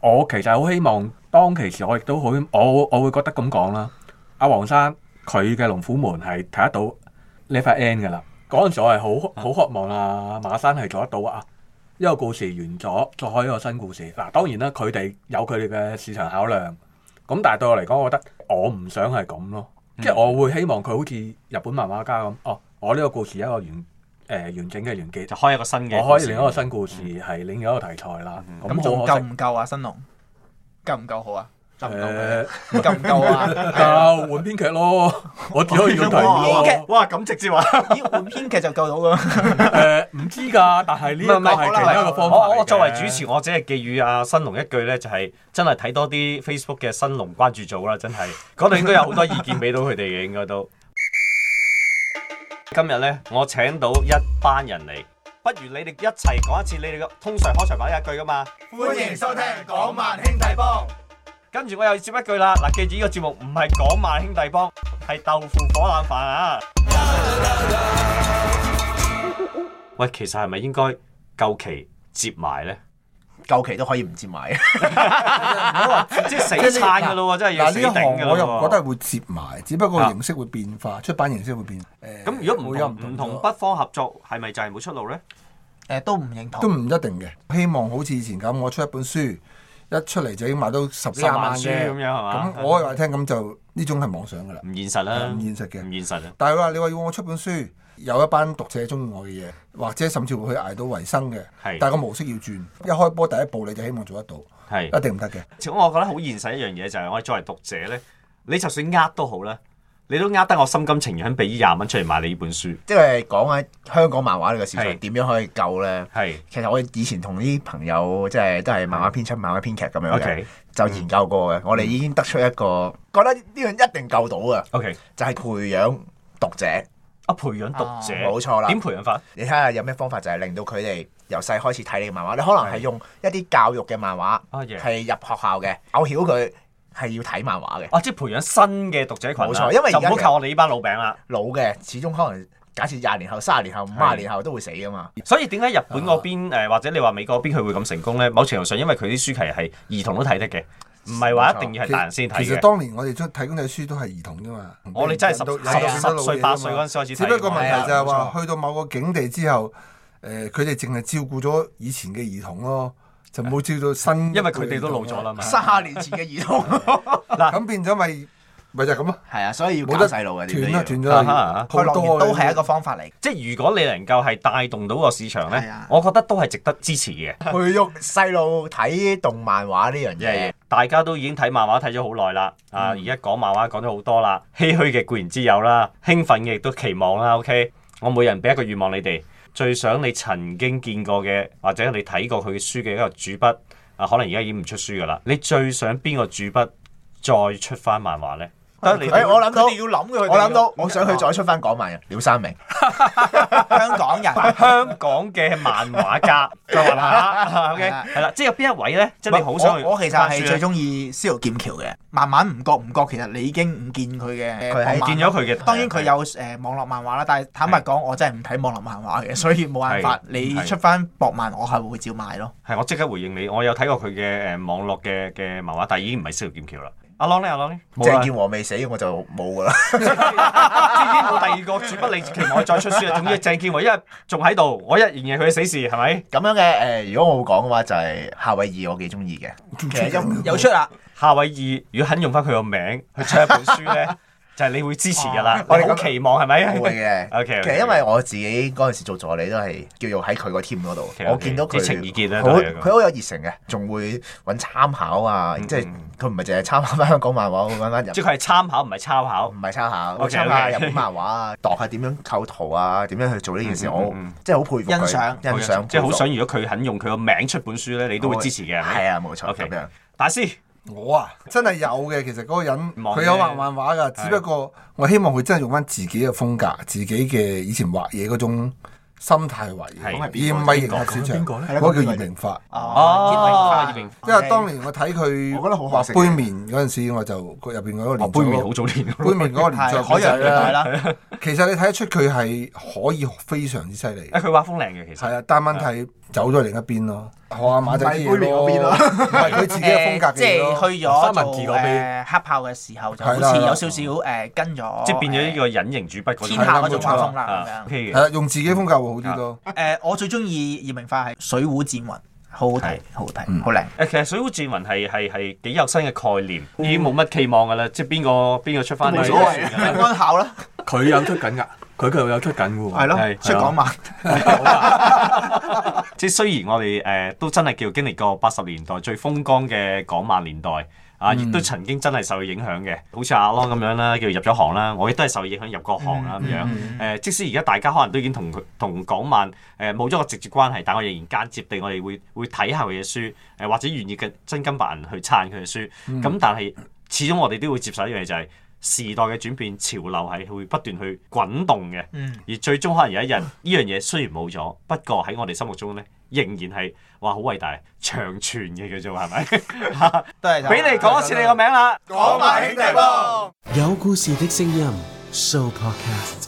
我其實好希望當其時我，我亦都好，我我會覺得咁講啦。阿、啊、黃生佢嘅龍虎門係睇得到呢塊 end 㗎啦，嗰陣時我係好好渴望啊馬生係做得到啊！一個故事完咗，再開一個新故事。嗱、啊，當然啦，佢哋有佢哋嘅市場考量。咁但係對我嚟講，我覺得我唔想係咁咯。嗯、即係我會希望佢好似日本漫畫家咁。哦，我呢個故事一個完誒、呃、完整嘅完結，就開一個新嘅，我開另一個新故事，係另、嗯、一個題材啦。咁仲夠唔夠啊，新郎，夠唔夠好啊？誒夠唔夠啊？夠換編劇咯，我都可以睇啊！編劇哇，咁直接話要換編劇就夠到噶誒，唔知㗎，但係呢一個係另一個方法，我作為主持，我只係寄語阿新龍一句咧，就係真係睇多啲 Facebook 嘅新龍關注組啦，真係嗰度應該有好多意見俾到佢哋嘅，應該都今日咧，我請到一班人嚟，不如你哋一齊講一次你哋通常開場白一句㗎嘛？歡迎收聽港灣兄弟幫。跟住我又接一句啦，嗱，記住呢個節目唔係講萬兄弟幫，係豆腐火腩飯啊！喂， 其實係咪應該舊期接埋咧？舊期都可以唔接埋 即係死撐噶咯，就係，真係要死定噶咯。我又覺得係會接埋，只不過形式會變化，出版形式會變化。咁，嗯呃、如果唔有唔同北方合作，係咪就係冇出路咧？誒、呃，都唔認同。都唔一定嘅，定希望好似以前咁，我出一本書。一出嚟就已經賣到十幾廿萬書咁樣係嘛？咁我話你聽咁就呢種係妄想㗎啦，唔現實啦，唔現實嘅，唔現實。但係話你話要我出本書，有一班讀者中意我嘅嘢，或者甚至會去捱到為生嘅。是但係個模式要轉，一開波第一步你就希望做得到，係是一定唔得嘅。只不過我覺得好現實一樣嘢就係、是、我作為讀者咧，你就算呃都好啦。你都呃得我心甘情願俾廿蚊出嚟，買你呢本書。即係講，喺香港漫畫呢個市場點樣可以救呢？係，其實我以前同啲朋友即係都係漫畫編輯、漫畫編劇咁樣就研究過嘅。我哋已經得出一個，覺得呢樣一定救到嘅。OK，就係培養讀者啊，培養讀者，冇錯啦。點培養法？你睇下有咩方法，就係令到佢哋由細開始睇你漫畫。你可能係用一啲教育嘅漫畫，係入學校嘅，勾巧佢。係要睇漫畫嘅，哇、啊！即係培養新嘅讀者群、啊。冇錯，因為就唔好靠我哋呢班老餅啦。老嘅始終可能，假設廿年後、三十年後、五十年後都會死噶嘛。的所以點解日本嗰邊、啊、或者你話美國嗰邊佢會咁成功咧？某程度上，因為佢啲書其實係兒童都睇得嘅，唔係話一定要係大人先睇。其實當年我哋出睇嗰啲書都係兒童㗎嘛。我哋真係十十十,十歲八歲嗰陣時開始。只不過個問題就係、是、話，嗯、去到某個境地之後，誒、呃，佢哋淨係照顧咗以前嘅兒童咯。就冇招到新，因為佢哋都老咗啦嘛。卅年前嘅兒童，嗱咁變咗咪咪就係咁咯。係啊，所以要教細路嘅，斷啦斷咗啦，好多都係一個方法嚟。即係如果你能夠係帶動到個市場咧，我覺得都係值得支持嘅。培育細路睇動漫畫呢樣嘢，大家都已經睇漫畫睇咗好耐啦。啊，而家講漫畫講咗好多啦，唏噓嘅固然之有啦，興奮嘅亦都期望啦。OK，我每人俾一個願望你哋。最想你曾經見過嘅，或者你睇過佢嘅書嘅一個主筆，啊，可能而家已經唔出書㗎喇。你最想邊個主筆再出返漫畫咧？誒，我諗我諗到，我想佢再出翻港漫嘅廖生明，香港人，香港嘅漫畫家，O K，係啦，即係邊一位咧？即係你好想，我其實係最中意《司徒劍僑》嘅。慢慢唔覺唔覺，其實你已經唔見佢嘅，佢係見咗佢嘅。當然佢有誒網絡漫畫啦，但係坦白講，我真係唔睇網絡漫畫嘅，所以冇辦法。你出翻博漫，我係會照買咯。係我即刻回應你，我有睇過佢嘅誒網絡嘅嘅漫畫，但係已經唔係《司徒劍僑》啦。阿朗咧，阿朗咧，鄭有、啊、建和未死，我就冇噶啦。之前冇第二個，絕不理其望再出書。總之鄭建和因為仲喺度，我一言嘅佢死事係咪？咁樣嘅誒、呃，如果我會講嘅話就係、是、夏威夷，我幾中意嘅。其實 又出啦，夏威夷如果肯用翻佢個名去出一本書咧。 就係你會支持噶啦，我係好期望係咪？會嘅，其實因為我自己嗰陣時做助理都係叫做喺佢個 team 嗰度，我見到佢情義結情意結啊，佢好有熱誠嘅，仲會揾參考啊，即係佢唔係淨係參考翻香港漫畫，會揾翻即係佢係參考唔係參考，唔係參考，參考日本漫畫啊，度下點樣構圖啊，點樣去做呢件事，我即係好佩服佢，欣賞欣賞，即係好想如果佢肯用佢個名出本書咧，你都會支持嘅，係啊，冇錯，咁樣，大師。我啊，真係有嘅。其實嗰個人，佢有畫漫畫㗎，只不過我希望佢真係用返自己嘅風格、自己嘅以前畫嘢嗰種心態為。係邊個咧？講邊個咧？嗰個叫葉明發。哦，葉明發，葉明。因為當年我睇佢畫杯麵嗰陣時，我就入邊嗰個。哦，杯麵好早年。杯麵嗰個年代。可以。其實你睇得出佢係可以非常之犀利。佢畫風靚嘅其實。係啊，但問題。走咗另一邊咯，我阿馬仔居邊嗰邊咯，唔係佢自己嘅風格嘅咯。即係去咗新文字嗰邊，黑炮嘅時候，就好似有少少誒跟咗，即係變咗呢個隱形主筆天下嗰種風啦。咁樣，啊，用自己風格會好啲咯。誒，我最中意葉明化係《水滸戰雲》，好好睇，好睇，好靚。誒，其實《水滸戰雲》係係係幾有新嘅概念，已經冇乜期望㗎啦。即係邊個邊個出翻嚟？冇所謂，安考啦。佢有出緊㗎。佢佢有出緊喎，係咯的，的出港漫。即係雖然我哋誒、呃、都真係叫經歷過八十年代最風光嘅港漫年代啊，亦、嗯、都曾經真係受佢影響嘅，好似阿 l o 咁樣啦，叫入咗行啦，我亦都係受影響入個行啦咁、嗯、樣。誒、呃，即使而家大家可能都已經同同港漫誒冇咗個直接關係，但我仍然間接地我哋會會睇下佢嘅書，誒、呃、或者願意嘅真金白銀去撐佢嘅書。咁、嗯嗯、但係，始終我哋都會接受一樣嘢就係、是。就是時代嘅轉變，潮流係會不斷去滾動嘅，嗯、而最終可能有一日呢樣嘢，雖然冇咗，不過喺我哋心目中咧，仍然係哇，好偉大長存嘅，叫做係咪？ 都俾 你講一次你個名啦，講埋兄弟幫，有故事的聲音 show podcast。